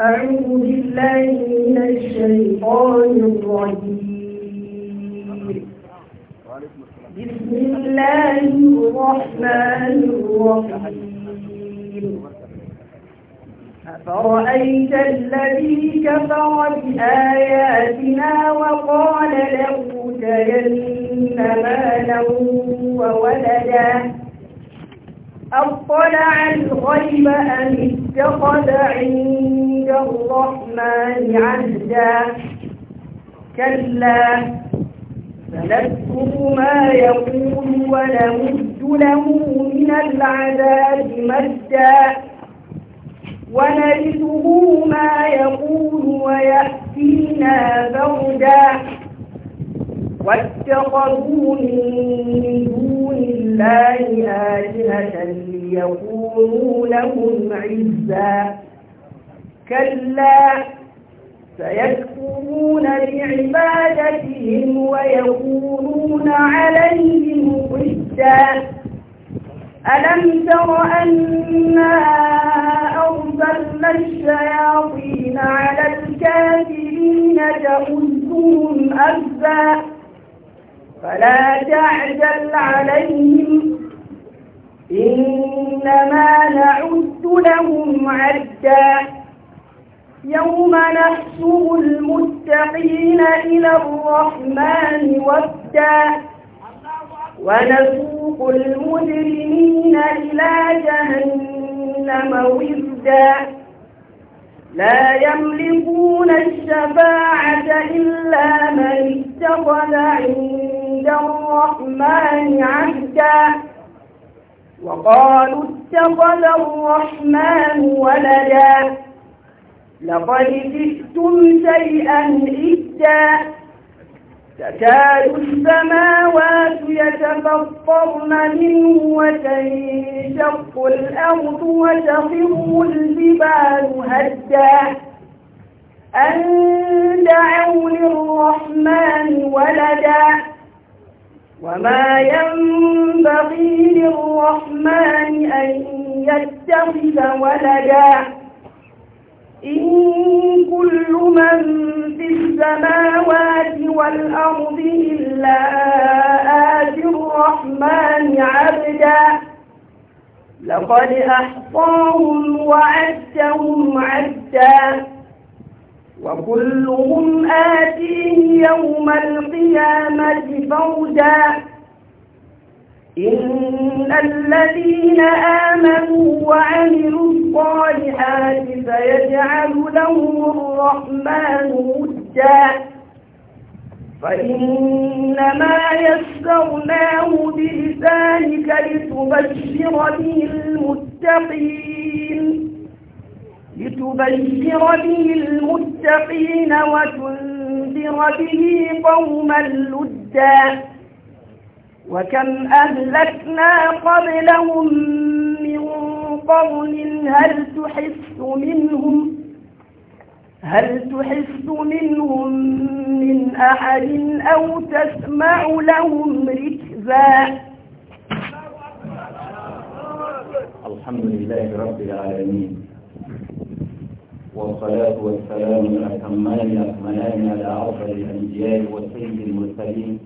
أعوذ بالله من الشيطان الرجيم بسم الله الرحمن الرحيم أفرأيت الذي كفر بآياتنا وقال له لأوتين مالا وولدا أطلع الغيب أم اتخذ عند الرحمن عهدا كلا فنذكر ما يقول ونمد له من العذاب مدا ونرثه ما يقول ويأتينا فردا واتخذوا من دون الله آلهة ليكونوا لهم عزا كلا سيكفرون بعبادتهم ويقولون عليهم ضدا ألم تر أنا أرسلنا الشياطين على الكافرين تؤذهم أذى فلا تعجل عليهم إنما نعد لهم عدا يوم نحشر المتقين إلى الرحمن وفدا ونسوق المجرمين إلى جهنم وردا لا يملكون الشفاعة إلا من اتخذ عند الرحمن عهدا وقالوا اتخذ الرحمن ولدا لقد جئتم شيئا إدا تكاد السماوات يتفطرن منه وتنشق الأرض وتخر الجبال هدا أن دعوا للرحمن ولدا وما ينبغي للرحمن أن يتخذ ولدا إن كل من في السماوات والأرض إلا آتي الرحمن عبدا لقد أحصاهم وعدهم عدا وكلهم آتيه يوم القيامة فردا إن الذين آمنوا وعملوا الصالحات سيجعل لهم الرحمن ودا فإنما يسرناه بلسانك لتبشر به المتقين لتبشر به المتقين وتنذر به قوما لدا وكم أهلكنا قبلهم من قرن هل تحس منهم هل تحس منهم من أحد أو تسمع لهم ركزا الحمد لله رب العالمين والصلاة والسلام الأتمان الأكملان على أفضل الأنبياء والسيد المرسلين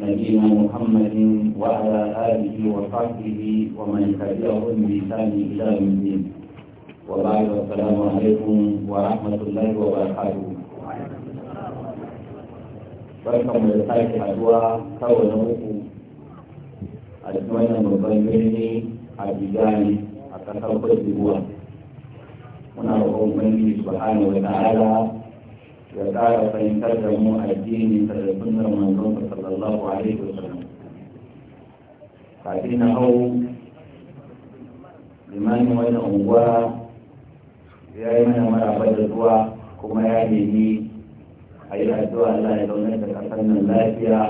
نبينا محمد وعلى آله وصحبه ومن تبعهم بإحسان إلى يوم الدين وبعد السلام عليكم ورحمة الله وبركاته barkan da sake haduwa kawai na uku a cikin wannan babban birni a Bijani a kasar kwadiguwa muna roƙon ubangiji subhanahu wa ta'ala ya ƙara fahimtar da mu addini da sunnar manzon sallallahu alaihi wasallam kafin na hau limanin wannan unguwa ya yi mana maraba da zuwa kuma ya nemi a yi addu'a Allah ya zaunar da kasar nan lafiya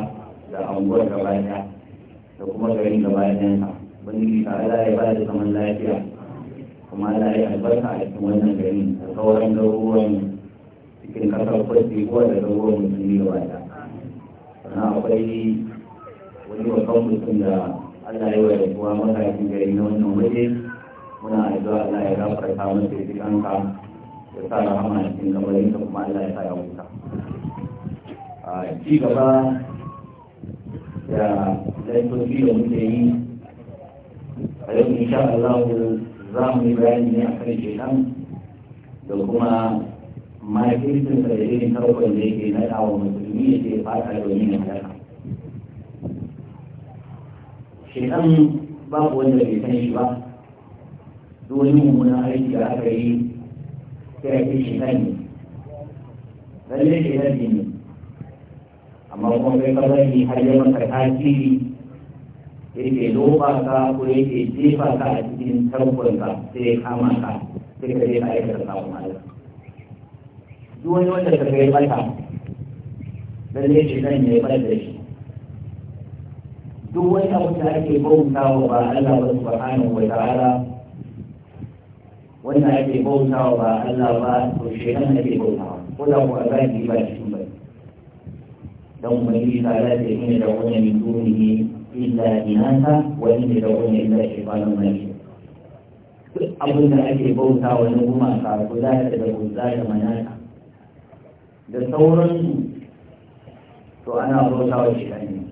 da unguwar gaba ɗaya da kuma garin gaba wani ta Allah ya ba da zaman lafiya kuma Allah ya albarka a cikin wannan garin da sauran garuruwan cikin kasar kwanci ko da ruwan musulmi da wata sannan akwai wani babban mutum da allah ya wada kuwa matakin gari na wannan waje muna addu'a allah ya gafarta masa ya jikanka ya sa rahama a cikin kamarinka kuma allah ya sa ya huta ci gaba da laifofi da muke yi a yau insha Allah za mu yi bayani ne akan shekan da kuma mahaifinsa da irin tarkon da yake na dawo musulmi ya ce fata domin ya kasa shekan babu wanda bai san shi ba duk wani mummunan aiki da aka yi sai ake shekan ne lalle shekan ne amma kuma kai ka bari har yi maka tasiri yake loba ka ko yake jefa ka a cikin tarkon ka sai ya kama ka sai ka je ka aikata samun Allah duk wani wanda ka kai mata lalle shi nan ya yi mata da shi duk wani abu da ake bauta wa ba Allah ba subhanahu wa ta'ala wanda ake bauta wa ba Allah ba to shi nan ake bauta ko da ku azaki ba shi ba dan ubangiji ta ala ce ne da wani min dunihi illa inasa wa inda da wani illa shaytanun majid duk abin da ake bauta wa na gumaka ko za ta da gumza da manata da sauransu to ana bauta wa shi ne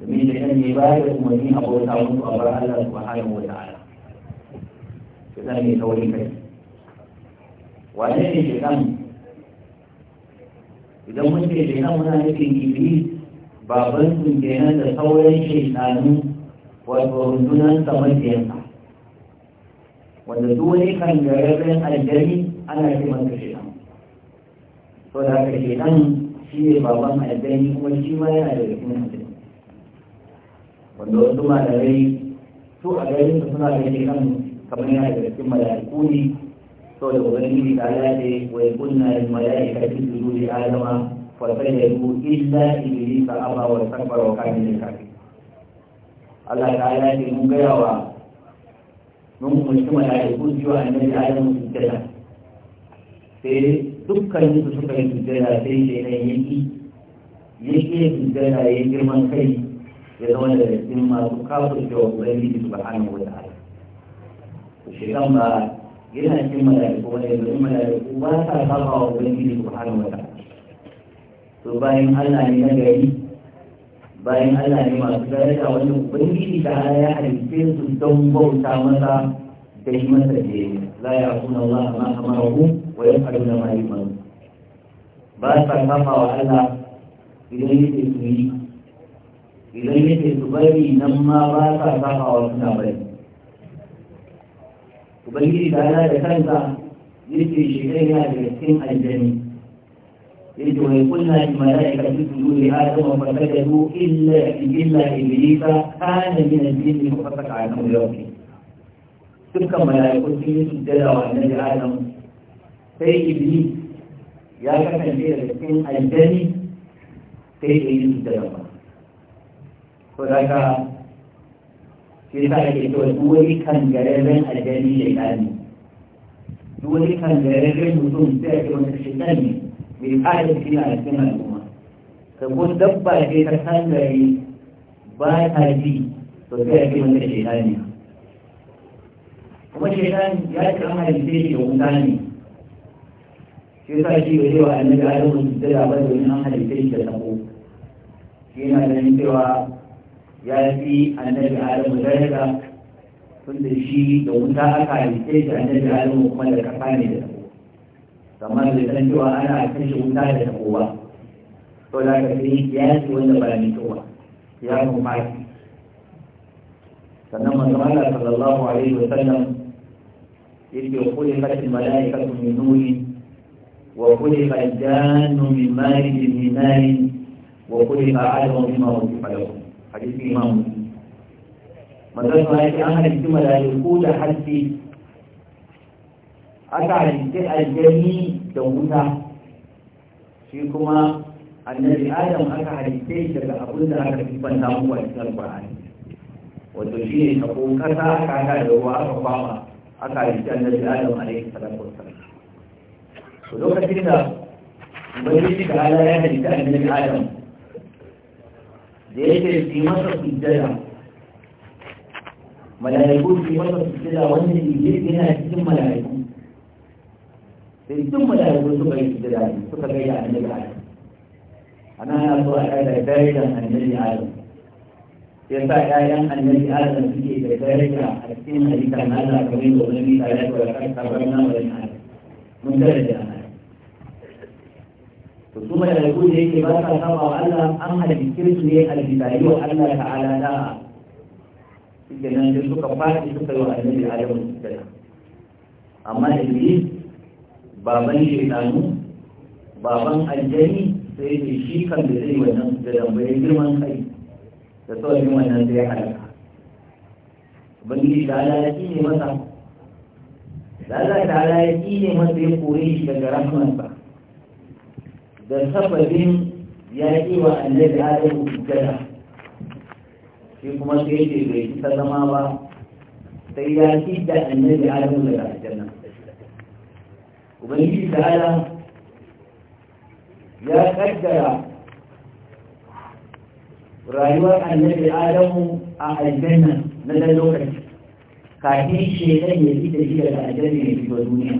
domin da kan ne ba da yi a bauta su a bar Allah su subhanahu wata ala to zan yi saurin kai wane ne ke zan idan mun ce ke kan muna nufin iblis baban sun kenan da sauran shaitanu wato rundunan saman jiyansa wanda duk kan kan gare aljani ana ce masa to da haka ke nan shi ne baban aljani kuma shi ma yana da cikin aljani wanda wasu malamai su a garin su suna da yake nan kamar yana da cikin malaiku ne to da ubangiji ta ya ce wa yakunna lil malaikati sujudu li adama fa sajadu illa iblisa aba wa takbara wa kana min kafirin Allah ta ya ce mun gaya wa mun kuma mutum malaiku cewa annabi Adam sujjada sai dukkan su suka yi sujjada sai shaidan ya ki ya ki ya sujjada ya girman kai ya zama da cikin masu da cewa ubangiji subhanahu wata ta'ala shaidan ba yana cikin mala'iku wani yanzu mala'iku ba sa saba wa ubangiji subhanahu wa ta'ala to bayan Allah ne na gari bayan Allah ne masu daraja wani ubangiji da Allah ya halitta su don bauta masa da yi masa da yi. la ya kuna Allah ma amarahu wa yaf'aluna ma yu'marun ba sa saba wa Allah idan yake su yi idan yake su bari nan ma ba sa saba wa suna bari ubangiji da Allah da kansa yake shi kai yana da cikin aljani yake wai kunna ji mala'ika su su yi adam wa fasadu illa illa iblisa kana min al-jinni fa fasaka an rabbi dukkan mala'ikun sun yi sujjada wa annabi adam sai ibini ya kasance da cikin aljani sai ya yi da yamma ko da ka shi sa ke to duk wani kangararren aljani ya gani duk kan kangararren mutum sai ke wani shi gani mai kada shi a cikin al'umma ka ko dabba ce ta sangare ba ta ji to sai ake wani shi gani kuma shekar ya kama da sai ke wuta ne shi sa shi bai cewa annabi adamu sujjada ba domin an halitta da tabo shi yana ganin cewa ya fi annabi adamu daraja tunda shi da wuta aka halitta shi annabi adamu kuma da kafa ne da tabo kamar da san cewa ana kashe wuta da tabo ba to da ka sai ya ce wanda ba ni to ya kuma sannan manzon Allah sallallahu alaihi wa sallam yake kullu fatin malaikatu min nuri وخلق الجان من مارج من نار وخلق عالم مما وصف لهم حديث الإمام مدرسة هاي الآن الجملة يقول حدثي أتى الجهة الجميع دوتا فيكما أن آدم أتى الجهة أقول لها كتبا نامو وإسلام القرآن وتشيري تقول كتا كتا لو أرفع أتى الجهة الذي آدم عليه الصلاة والسلام lokacin da ubangiji da ala ya halitta annabi adam da yake fi masa sujjada malaiku fi masa sujjada wanda iblis yana cikin malaiku sai duk malaiku suka yi sujjada ne suka kai da annabi adam ana ana so a kai da darajar annabi adam sai sa ƴaƴan annabi adam suke da daraja a cikin halittar Allah kamar yadda wani misali ya kawo kan kabar na wani adam mun daraja ana kuma da rayu da yake ba ka saba wa Allah an halittar su ne halittayi wa Allah ta'ala da nan da suka fadi suka yi wa annabi Adamu sujjada amma da biyu baban shekaru baban aljani sai ne shi kan da zai wannan da bai girman kai da sauran wannan zai halaka bangi da ala ya ne masa da Allah ta'ala ya ne masa ya kore shi daga rahmansa دلتقى بهم يأتي وأن لدي آدم وكذا في قماشي يجي بريد فلما با تيلا تيدا أن لدي آدم وكذا الجنة وبنجي تعالى يا كجرا رايوا أن لدي آدم أحجنة ندلوك كاتين شيئا يجي تجيئا الأجنة في الدنيا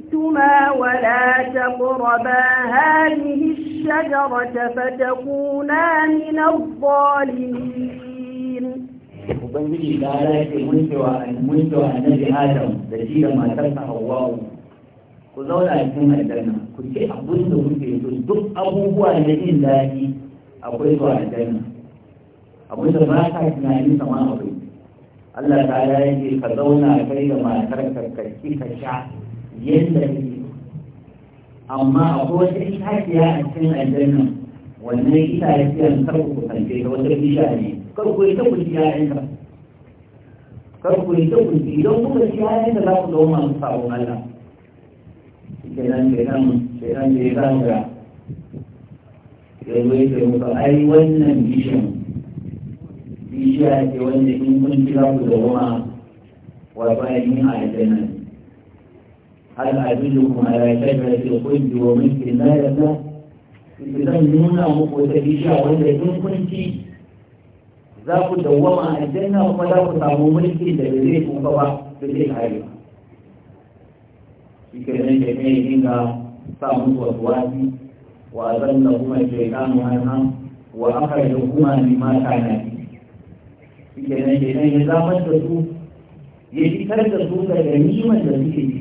كلتما ولا تقربا هذه الشجرة فتكونا من الظالمين وبنجي لك مستوى مستوى النبي آدم بشير ما تفتح الله كلنا نسمع الجنة كل شيء أبوه وأمه يصدق أبوه الذي لا يجي أبوه هو الجنة أبوه ما تعرف ما يجي سماه الله تعالى يجي فضونا كل ما تركت كشيء كشعر yadda yake amma akwai wata itaciya a cikin aljanna wannan itaciyar kar ku kusance ta wata bishiya ne kar ku yi ta kunci ya'yanta kar ku yi ta kunci idan kuka ci ya'yanta za ku zama masu sabon Allah nan kenan kenan kenan kenan ga yanzu ya ce musu ai wannan bishiyan bishiya ce wanda in kun ci za ku zama wato ainihin a aljanna هل أدلكم على شجرة الخلد وملك لا يبلى idan nuna muku wata bishiya wanda ya kun ci za ku dawwama a aljanna kuma za ku samu mulki da ba zai kuka ba da zai kare ba shi nan da ne dinga sa wasu wasi wa zan kuma wa aka yi hukuma na nan su da su da suke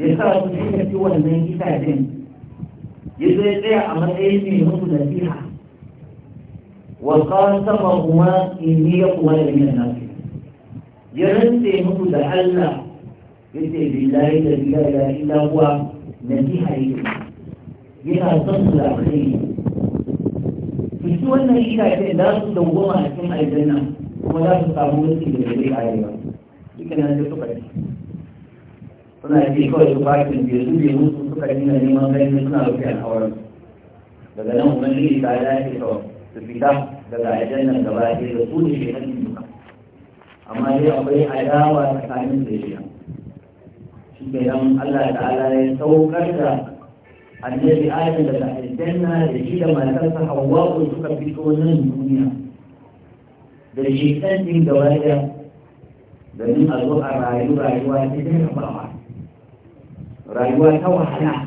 ya sa su suka ci wannan itacen ya zai tsaya a matsayin mai musu nasiha wa qasama huma inni yaqwa la min an-nas ya rantse musu da Allah yace billahi da la ilaha illa huwa nasiha yake yana son su da alheri su ci wannan itacen za su dawwama a cikin aljanna kuma za su samu wasu da bai arewa dukkan nan da suka ci suna ji kawai su ba su biyu su biyu musu suka nuna neman ganin suna rufe al'auran daga nan ubangiji ta ya ce to su fita daga aljannan gaba ɗaya da su ne shekarun duka amma dai akwai adawa tsakanin da shi shi ke nan Allah ta'ala ya saukar da annabi adam daga aljanna da shi da matarsa hawwa suka fito nan duniya da shekarun din gaba ɗaya domin a zo a rayu rayuwa cikin rabawa rayuwa ta wahala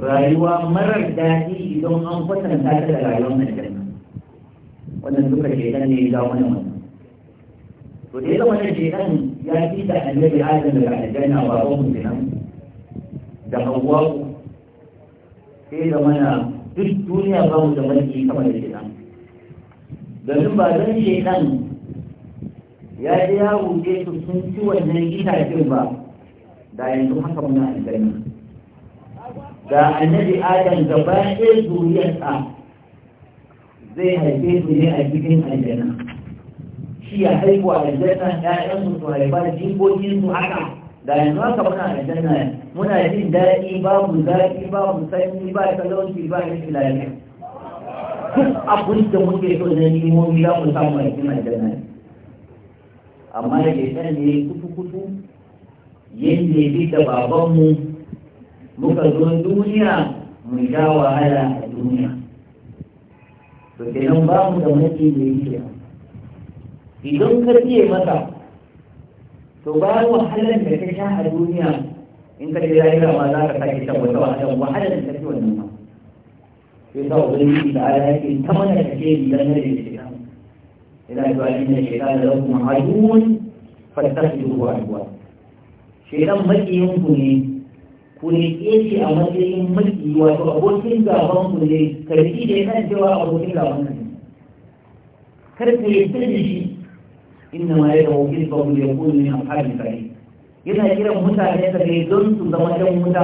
rayuwa marar daɗi idan an kwatanta ta da rayuwar nan girma wannan duka shaitan ne ya wani wannan to da yawan wannan shaitan ya fi da annabi adam daga aljanna ba ba mu nan. da hawa sai da mana duk duniya ba mu da mulki kamar da shaitan domin ba zan shaitan ya ji ya wuce su sun ci wannan itacen ba da yanzu haka muna aljanna da annabi adam gaba ɗaya zuriyarsa zai haife su ne a cikin aljanna shi ya haifu a aljanna ɗayan su haifa jikokin su haka da yanzu haka muna aljanna muna jin daɗi babu zafi babu sanyi ba talauci ba rashin lafiya duk abin da muke so na nemo za mu samu a cikin aljanna amma da ke ne kutu-kutu yadda ya bi da babanmu muka zo duniya mu sha wahala a duniya to kenan ba mu da mace da yake idan ka biye masa to ba wahalar da ka sha a duniya in ka je yi ma za ka sake shan wata wahalar wahalar da ta fi wani ma sai sa ubangiji da ala yake ta mana da ke bidan da shi ina zuwa inda shekara da kuma hajjun fattashi duhu a duwa shedan makiyin ku ne ku ne ce a matsayin maki wato abokin gaban ku ne karfi da yana cewa abokin gaban ku ne kar ku yi da shi inna ma ya dawo kin ba mu ya kunu ne a halin kai yana kiran mutane ka ne don su zama dan wuta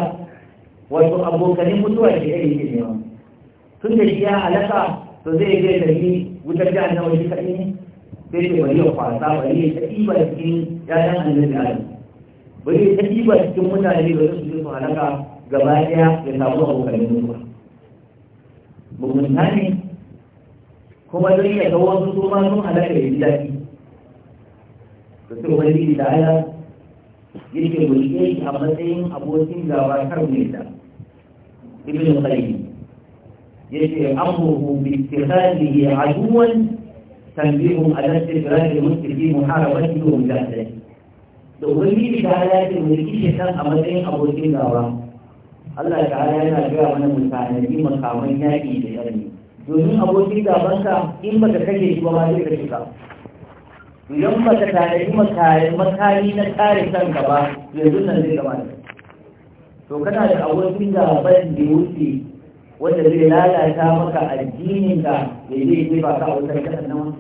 wato abokanin mutuwa ke ɗaya ke nema tun da shi ya alaka to zai je tafi wutar jihar na shi kaɗai ne sai ce bari ya kwasa bari ya ta ba cikin 'ya'yan annabi adam bari ta ɗiba cikin mutane da su su halaka gaba ɗaya ya samu abokanin mutuwa mugunta ne kuma zai iya ga wasu su ma sun halaka ya ji daɗi da su wani da ala yake mulke shi a matsayin abokin gaba kar mai da ibn qayyim yace amruhu bi ittikhadihi aduwan tanbihum ala istidraj al-muslimin muharabatuhum bi ahlihi da ubangiji ta ya ce mu riki shaitan a matsayin abokin gaba Allah ta ala yana gaya mana mu tanadi makaman yaƙi da yarni domin abokin gabanka in baka kashe shi ba ma zai kashe ka idan baka tanadi makari na kare kanka ba yanzu nan zai gaba da to kana da abokin gaban da wuce wanda zai lalata maka addinin ka da zai jefa ka a wutar kasan nan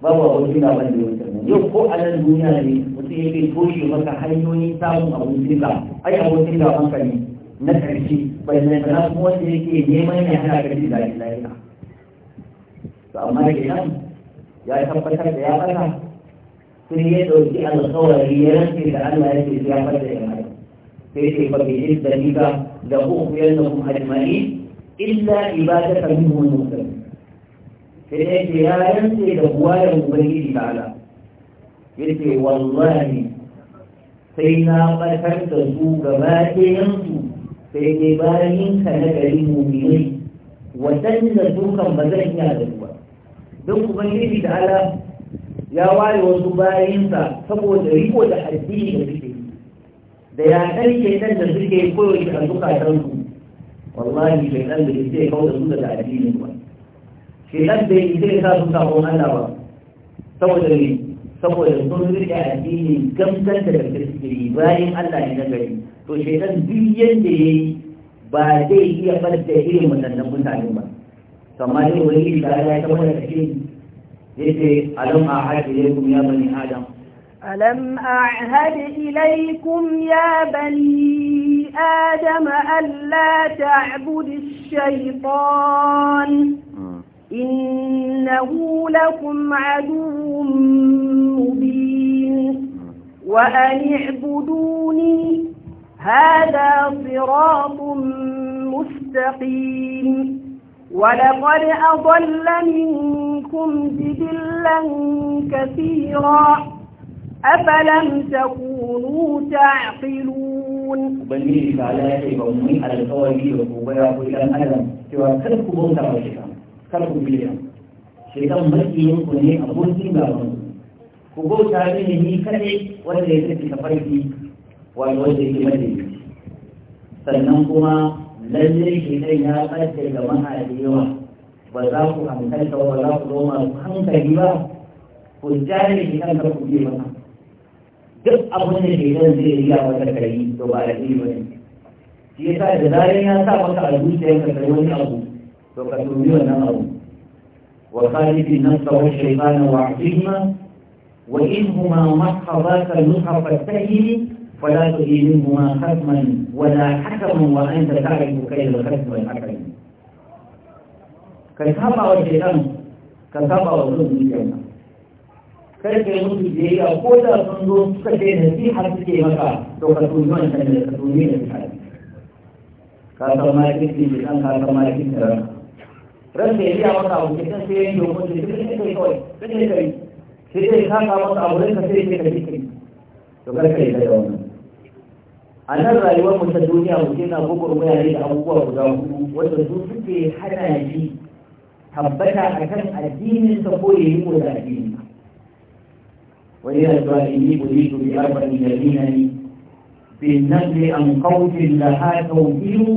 babu abokin gaban da wuce yau ko a nan duniya ne sai bai toshe maka hanyoyin samun abokin da ai abokin da maka ne na ƙarshe bai mai da kuma wanda yake neman ya hana ka da lafiya to amma da nan ya tabbatar da ya fata sai ya ɗauki alƙawari ya rantse da Allah ya ce ya fata ya mai sai ce fa bi da liga da uku kuma ajma'in illa ibadatan min al-muslimin sai ya ce ya rantse da buwayar ubangiji Allah. yace wallahi sai na barkar da su gaba ɗayansu sai dai bayan ka na gari muminai waɗanda dukan ba zan iya da ba don ubangiji da ala ya ware wasu bayansa saboda riko da addini da suke da yaƙar shaitan da suke koyaushe a zukatansu wallahi shaitan da ke kawo da su daga addini ba shaitan da ke sa su sabon Allah ba saboda ne saboda sun rike addini gamsar da kirkiri bayan Allah ne na gari to shaitan duk yadda ya yi ba zai iya bar da irin waɗannan mutane ba kamar yau wani da ya ta mana kashi yace alam ahad ilaykum ya bani adam ألم أعهد إليكم يا بني آدم ألا تعبدوا الشيطان إنه لكم عدو مبين وأن اعبدوني هذا صراط مستقيم ولقد أضل منكم جبلا كثيرا أفلم تكونوا تعقلون كلكم بيا شيطان مسكين كوني ابو سيما بانو ku bauta mini ni kaɗai wanda ya tafi farki wani wanda ya mace sannan kuma lallai shi ne ya ɓace ga maha da yawa ba za ku hankalta ba za ku zama masu hankali ba ku jari shi kan ka ku biye masa duk abin da shi ɗan zai riya wata kari to ba da ɗi ba ne shi sa da zarar ya sa maka a ya ka kai wani abu to ka tuni wannan abu wa khalifin nafsa wa shaytana wa ahsihima وإنهما محفظات المصحف السهل فلا تؤدي منهما ختما ولا حكما وأنت تعرف كيف الختم والحكم. كتب الشيطان كتب الظلم الجنة. كتب الظلم الجنة وقال الظلم كتب في حق كيفك تقتلون من تقتلون كتب ما يكفي الشيطان كتب ما يكفي الشيطان. رسل الله تعالى وكتب الشيطان يوم الدين sai dai ka ka masa aure ka sai ka cikin to kar kai da yawan a nan rayuwar mu ta duniya mu na gogor waya ne da abubuwa guda hudu wanda su suke hana shi tabbata akan addinin sa ko yayi mu da addini wani yana zuwa inni bulitu bi arba'in yaminani bin nafsi an qawlin laha tawfiru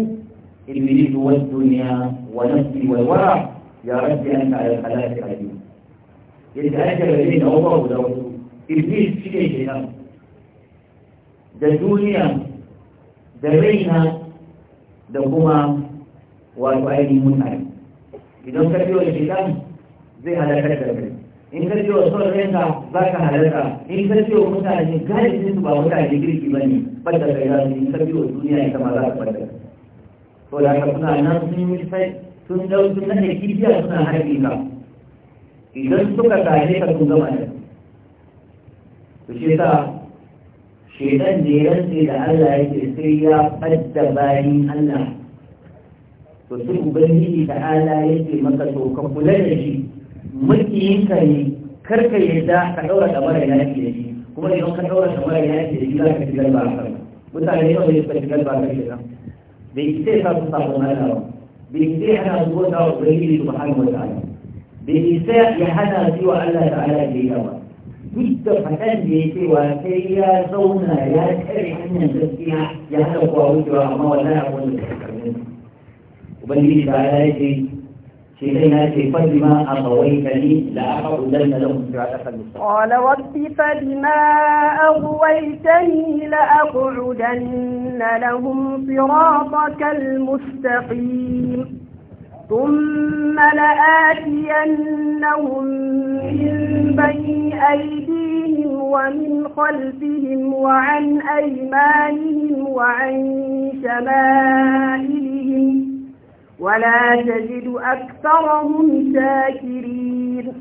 in yuridu wad dunya wa nafsi wal wara ya rabbi anta ala khalaqi qadir yadda ake rabe da abubuwa guda hudu iblis shi ne kenan da duniya da raina da kuma wato ainihin mutane idan ka biyo da shekaru zai halarta da kai in ka biyo son ranka za ka halarta in ka biyo mutane galibin su ba mutane girki ba ne bada kai za su in ka biyo duniya ita ma za ka bada to da haka suna nan sun yi sai sun dau na nade kibiya suna haifi ka idan suka tare ka sun zama da ku ce sa shaidan ne rantse da Allah yake sai ya fadda bayin Allah to sai ubangiji da Allah yake maka to ka kula da shi mulkiyinka ne karka yadda ka daura da mara yaki da shi kuma idan ka daura da mara yaki da shi za ka shigar ba a mutane yau ne suka shigar ba a kan nan, bai sai sa su sabon Allah ba bai sai ana zuwa da ubangiji subhanahu wa ta'ala بالنساء يحنى سوى الله تعالى بيهوى فتن بيتي وكي يا زونا يا كري حنى بسكيا يحنى قوات وعما ولا يقول وبنيت على يدي قال رب فلما أغويتني لأقعدن لهم صراطك المستقيم ثم لآتينهم من بين أيديهم ومن خلفهم وعن أيمانهم وعن شمائلهم ولا تجد أكثرهم شاكرين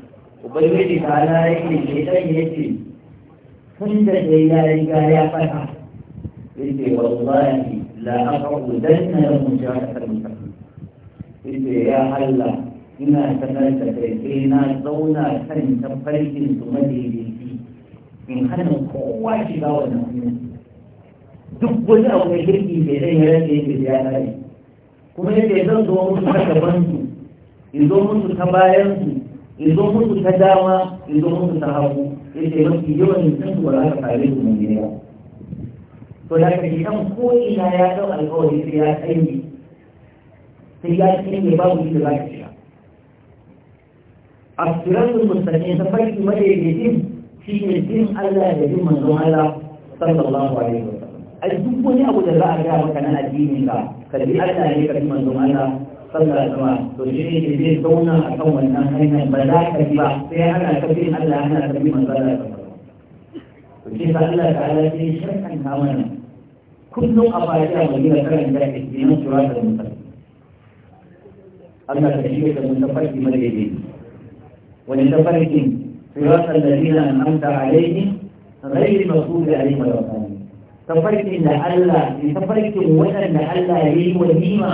وبيجي على يدي يدي كنت إلى يا فتح والله لا أقعدن لهم yace ya Allah ina sanar da kai na zauna kan tafarkin su madaidaici in hana kowa shiga wannan hanyar duk wani abu mai girki bai zai yi rage yake ya kare kuma yake zan zo musu ta gaban su in zo musu ta bayan su in zo musu ta dama in zo musu ta hagu yake mafi yawan nisan su wani aka ka kare su mai gida to da ka shi ko ina ya dau alkawari sai ya tsaye sai ya cinye babu da za ki sha a suratul mustaqim ta farki madaidaicin shi ne jin Allah da jin manzon Allah sallallahu alaihi wa sallam a duk wani abu da za a ga maka na addinin ka kalli Allah ne ka ji manzon Allah sallar sama to shi ne zai zauna a kan wannan hanyar ba za ka ba sai ana kafin Allah ana kafin manzala sama to shi sa Allah ta ala sai shirkan ta mana kullum a baya mu yi da karanta istinan sura da musalli Allah ta shirya da mutafarki madaidai wani tafarkin sirata lalina amta alaihi ghairi masuda alaihi wa rahmani tafarkin da Allah ne tafarkin wadanda Allah ya yi wa nima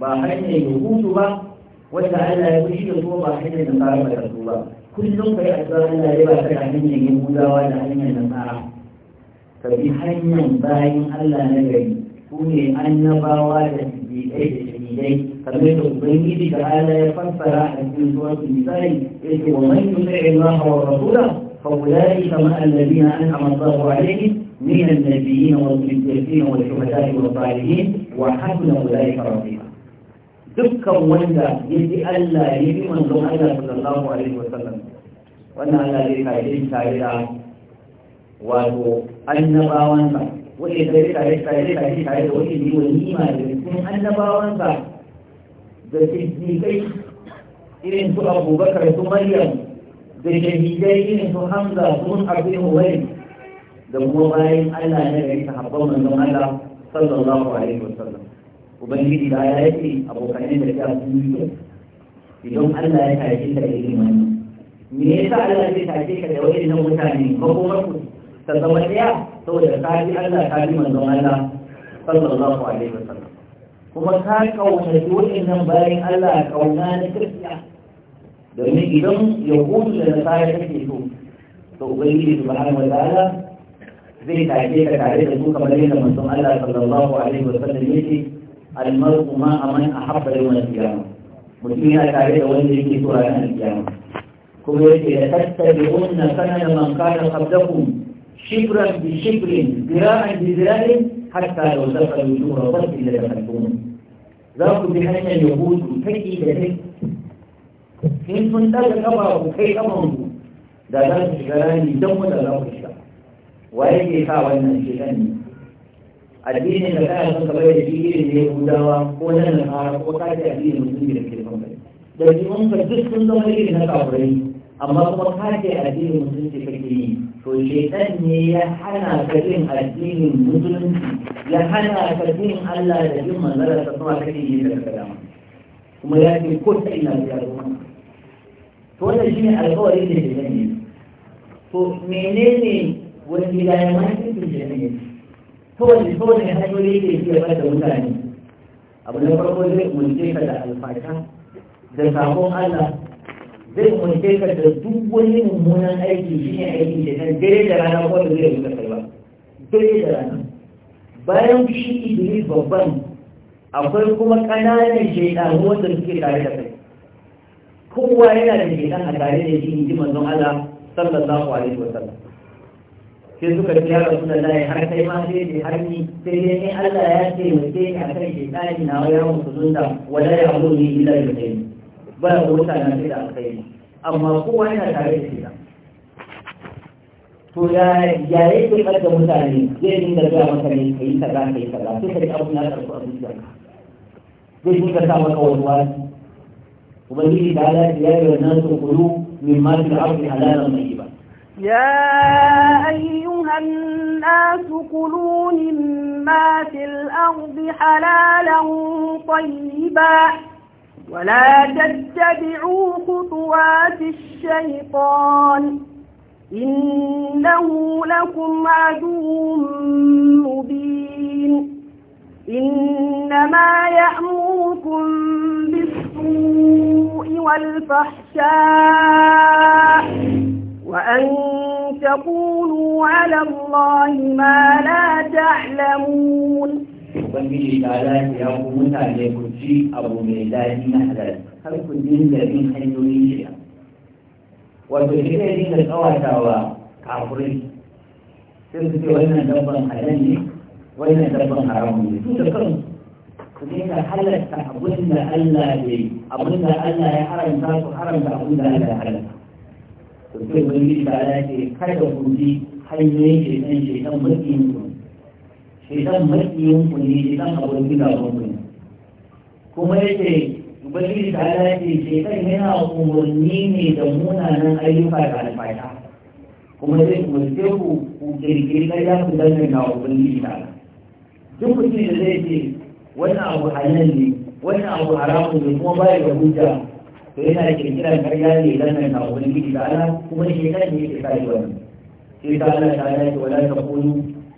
ba hanyar yahudu ba wanda Allah ya fushi da su ba hanyar da tsara ba da su ba kullum kai addu'a Allah ya ba ta hanyar yahudawa da hanyar nasara ka bi hanyar bayan Allah na gari su ne annabawa da siddiƙai da shahidai kamar da ubangiji da ala ya fassara a cikin suratul misali yake wa man yuti Allah wa rasulahu فأولئك مع الذين أنعم الله عليهم من النبيين والصديقين والشهداء والصالحين وحسن أولئك رفيقا dukkan wanda ya ji Allah ya bi manzon Allah sallallahu alaihi wasallam wannan Allah zai kare shi tare da wato annabawansa wanda zai kare shi tare da wani ni'ima da cikin annabawansa da siddiƙai irin su abubakar su maryam da shahidai irin su hamza sun abin huwai da kuma bayan allah na gari sahabban manzon allah sallallahu alaihi wasallam ubangiji da ya yake abokanai da ya sun yi idan allah ya tashe ka da irin wannan me yasa allah ya tashe ka da wani nan mutane makomar ku ta zama ɗaya saboda ka ji allah ka ji manzon allah sallallahu alaihi wasallam kuma ka kaunaci wa'annan bayan Allah kauna na kirkiya domin idan yahudu da nasara ke so to ubangiji subhanahu wataala zai take ka tare da su kamar yadda mutum Allah sallallahu alaihi sallam yake almar'u ma aman ahabba yawm al-qiyamah mutum yana tare da wanda yake so ranar al-qiyamah kuma yake da tattabi'unna sanana man kana qablakum shibran bi shibrin zira'an bi zira'in حتى لو دخلوا دون ضد إلا دخلتون ذاكم بحشة يهود كي يدهد إن كنت أخبروا كي أمروا دادات الشجران يدموا دادات الشجران وإيه خاوانا الشجران الدين الذي كان صلى الله عليه وسلم يهودا وقونا نهار وقاتل أبيه المسلمين لكي يقوم بي لكي يقوم بي أما قطعك أبيه المسلمين to shaitan ne ya hana ka jin addinin musulunci ya hana ka jin Allah da jin manzara ta kuma kake yi da dama kuma ya ce ko ta ina ya zo to wannan shine alƙawari da shaitan ne to menene wani gida ya mai cikin shaitan ne to wani to wani hanyoyi da yake ba da mutane abu na farko zai mulke ka da alfasha da sabon Allah zai kwanke ka da duk wani mummunan aiki shi ne aiki da nan dare da rana wanda zai rubuta kai ba dare da rana bayan shi iblis babban akwai kuma ƙananan shaidanu wanda suke tare da kai kowa yana da shaidan a tare da shi inji manzon Allah sallallahu alaihi wa sallam sai suka ce ya rasu da lai har kai ma sai da har ni sai dai ne Allah ya ce mu sai a kan shaidan na wa ya musulunta wala ya amuru ni illa bi بل وسعنا في اما القوه هنا تعريف كده يا ريت قد مثالي زي انت جاء مثلا كيف كان كيف كان كيف كان ابو ناصر ابو زيد زي انت سامع قول واحد وبدي بالا يا الناس قلوب من مال الارض حلالا طيبا يا ايها الناس كلوا مما في الارض حلالا طيبا ولا تتبعوا خطوات الشيطان إنه لكم عدو مبين إنما يأمركم بالسوء والفحشاء وأن تقولوا على الله ما لا تعلمون ubangiji ta lafi ya ku mutane ku ci abu mai daɗi na halal har ku dinga bin hanyoyin shirya wato shi zai dinga tsawatawa kafirai sai su ce wannan dabban halal ne wannan dabban haramun ne su da kansu ku dinga halarta abin da Allah bai abin da Allah ya haramta su haramta abin da Allah ya halarta to sai ubangiji ta lafi kada ku bi hanyoyin shirya shirya mulkin ku shaitan makiyin ku ne idan abokin gaban ku ne kuma ce ubangiji ta ala ce shaitan yana umarni ne da munanan ayyuka da alfata kuma zai umarce ku ku kirkiri ƙarya ku dangana da ubangiji ta duk mutum da zai ce wannan abu halal ne wannan abu haramun ne kuma baya da hujja to yana kirkiran karya ne dangana da ubangiji ta kuma shaitan ne ya ke sa wannan sai ta ala ta ala wala ta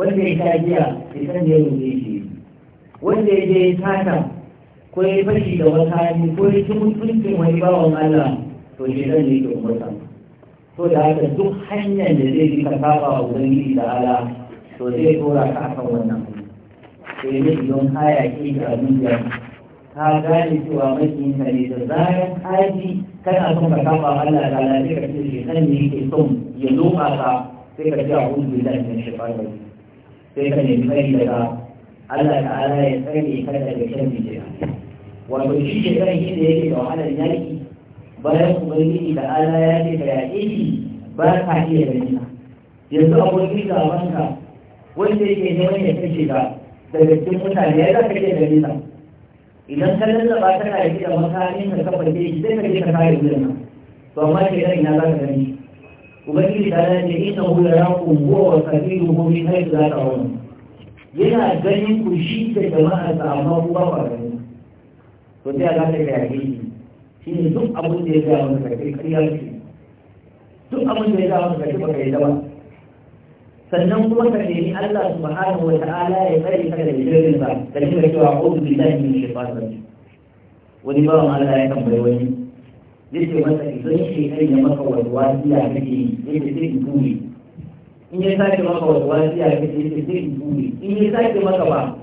wanda ya sha giya ya san da ya rubuce shi wanda ya je ya tata ko ya fashi da wata hali ko ya ci mutuncin wani bawa Allah to shi zan yi ke umarta to da haka duk hanyar da zai ka saba wa ubangiji da ala, to zai tora ka akan wannan sai ne don haya ke da abinda ka gane cewa makinka ne da zaran kaji kana son ka saba Allah da Allah sai ka ce shi zan yi ke son ya loba ka sai ka ce a hudu da shi fara sai ka nemi da daga Allah ta'ala ya tsare ka daga shan bijiya wato shi ke kai shi da yake da wahalar yaki bayan ubangiji da ala ya ce ka yaƙi shi ba ka iya gani yanzu abokin gabanka wanda yake neman ya kashe ka daga cikin mutane ya za ka iya gani sa idan ka lallaba tana da da makamin ka kafa ke shi zai ka je ka kare wurin to amma ke ina za ka gani ubangiji ta da ce ita hu da rakun wa kabiru hu min su za ta wani yana ganin ku shi da jama'a ta amma ku ba ba gani to sai a za ta yaƙi shi ne duk abin da ya ga wani karfi kariyar shi duk abin da ya ga wani karfi ba ka yi ba sannan kuma ka nemi Allah subhanahu wa ta'ala ya tsare ka da shirin sa da shi da cewa qul billahi min shaitanir rajim wani bawan Allah ya kan tambaye wani yake masa idan shi kai ya maka waswasiya kake yake sai in tuni in ya sake maka waswasiya kake yake sai in tuni in ya sake maka ba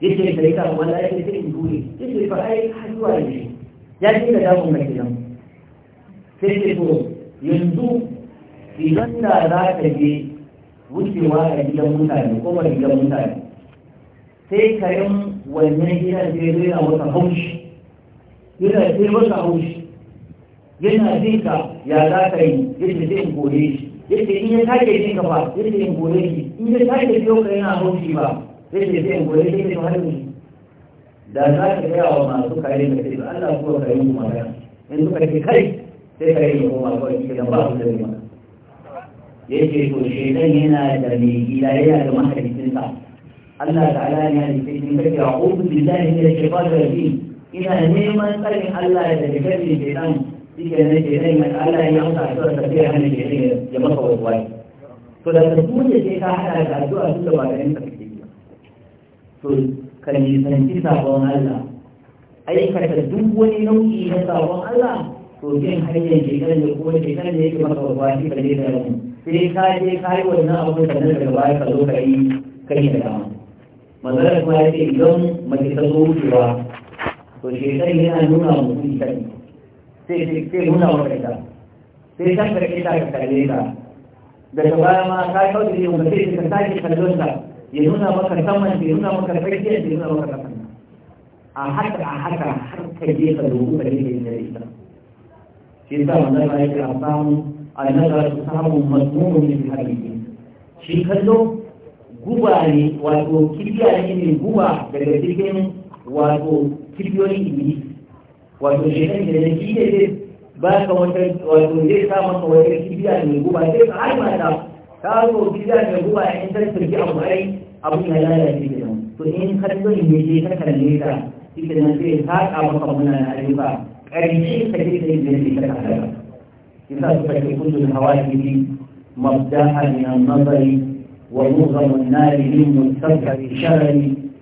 yake sai ka wala yake sai in tuni yake fa ai hajuwa ne ya ce da damu mai gidan sai ke to yanzu idan da za ka je wucewa a gidan mutane kuma a gidan mutane sai ka karen wannan gidan sai rera masa haushi yana sai masa haushi yana jin ka ya za ka yi yadda zai in gore shi yadda in ya sake jin ka ba yadda in gore shi in ya sake biyo ka yana haushi ba yadda zai in gore shi yadda har shi da za ka gaya wa masu kare da kai Allah ko ka yi magana in suka ce kai sai ka yi ko ma ko ki da ba su da ma yake to shedan yana da mai gida yana da mahalicin sa Allah ta'ala ne ya ce kin kake a'udhu billahi minash shaitanir rajim ina neman tsarin Allah da daga shedan shi ke nan ke nan Allah ya amsa addu'a tafiya kai hannun ke nan ya maka wawai to da ka tuce sai ta hada da addu'a duk da ba da yanka kake yi to ka nisanci sabon Allah aikata duk wani nau'i na sabon Allah to bin hanyar shekan da kuma shekan da yake maka wawai shi ka ne da yanku sai ka je ka yi wannan abin da nan daga baya ka zo ka yi kai da dama mazalar kuma ya ce idan mace ta zo wucewa to shekan yana nuna mutum sani sai sai nuna maka ita sai san ka ita ka kalle ka daga baya ma ka kawo da yau sai ka sake kallon ta ya nuna maka saman ya nuna maka tsakiyar ya nuna maka kasan a haka a haka har ka je ka dubu ka je ka yi da ita shi yasa wannan ba yake a samu annaba su samu mazmumin min hadisi shi kallo guba ne wato kibiya ne guba daga cikin wato kibiyoyin iblis wato shekan da na kike ne ba ka wata wato zai sa maka wata kibiya mai guba sai ka haima ta ta zo kibiya ya guba in ta ji abu ai abu ya lalace da to in ka zo ne je ka kalle ta kike nan sai ta ka maka muna ayyuka ƙarshe ka je ka yi da ka kalle kisa suka ce kullu hawaji mabda'a min an-nazari wa mughamu nari min sharri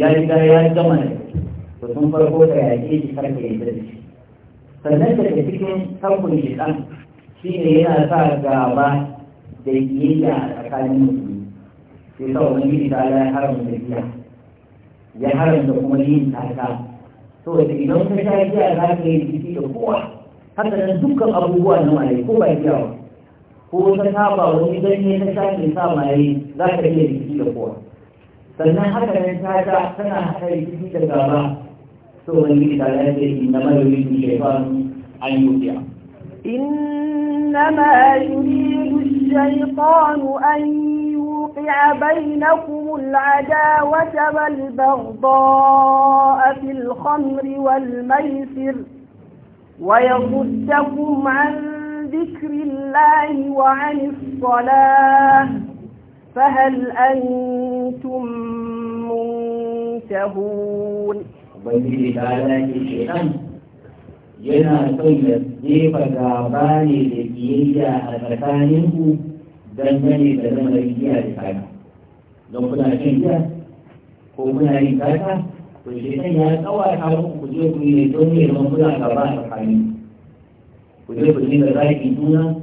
ya riga ya gama da sun farko da ya shi ji karfe da shi sannan ke cikin tabbun shiɗan shi ne yana sa gaba da kiyayya a tsakanin musulmi sai sa yi ta ya ya da biya ya da kuma yin taka da idan ka sha giya za ka yi jiki da kowa haka nan dukkan abubuwa na maye ko ba giya ba ko ta saba wani ganye na sha ke sa maye za ka iya jiki da kowa إنما يريد الشيطان أن يوقع بينكم العداوة والبغضاء في الخمر والميسر ويصدكم عن ذكر الله وعن الصلاة فهل أنتم منتهون ubangiji ta dace ke nan yana son ya jefa gaba ne da kiyayya a tsakaninku dangane da lamarin giya da kaya don kuna shan giya ko kuna yin kata to shi kan ya tsawata muku ku je ku yi don ne don kuna gaba a tsakanin ku je ku dinga zaki juna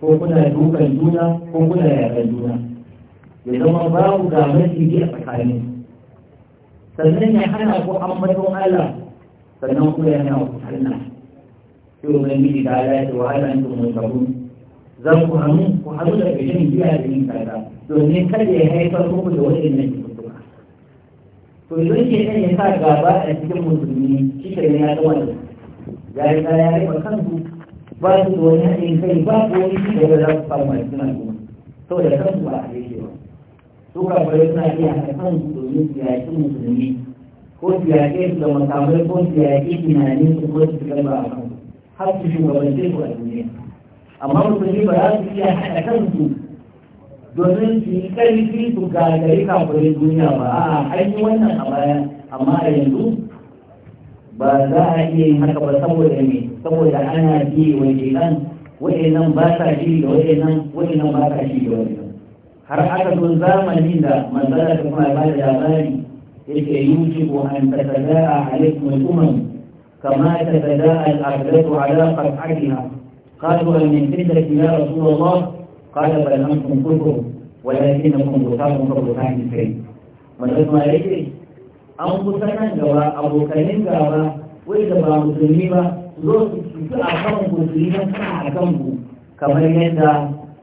ko kuna dukan juna ko kuna yakan juna ya zama babu gamar jiki a tsakanin sannan ya hana ku ambaton Allah sannan ku yana ku sanna sai ubangiji da Allah ya ce wahala ne antum mutabun zan ku hamu ku hamu da bishin biya da yin kaza domin kada ya haifar muku da wani ne to idan ke kan ya sa gaba a cikin musulmi shi ke ya zama da ya yi ya rufe kansu ba su da wani haɗin kai ba ko wani shi da ya su samu a cikin al'umma saboda kansu ba a yake su kafirai suna iya haifan su domin su yaƙi musulmi ko su su da makamai ko su yaƙi tunanin su ko su gaba a kan har su shugabance su a duniya amma musulmi ba za su iya haɗa kansu domin su yi ƙarfi su gagari kafirai duniya ba a an yi wannan a baya amma a yanzu ba za a iya yin haka ba saboda me saboda ana biye wa nan ba sa shi da wa'annan nan ba sa shi da nan. har aka zo zamanin da manzara ta kuma ba da labari yake yujibu an tatada'a alaikum al-umam kama tatada'a al-ardatu ala qat'atiha qalu an min fitrati ya rasul Allah qala bal antum kufur walakinakum butanun ka butanin kai manzara kuma yake an kusa nan gaba abokanin gaba wai da ba musulmi ba zo su a kan ku su yi a kan ku kamar yadda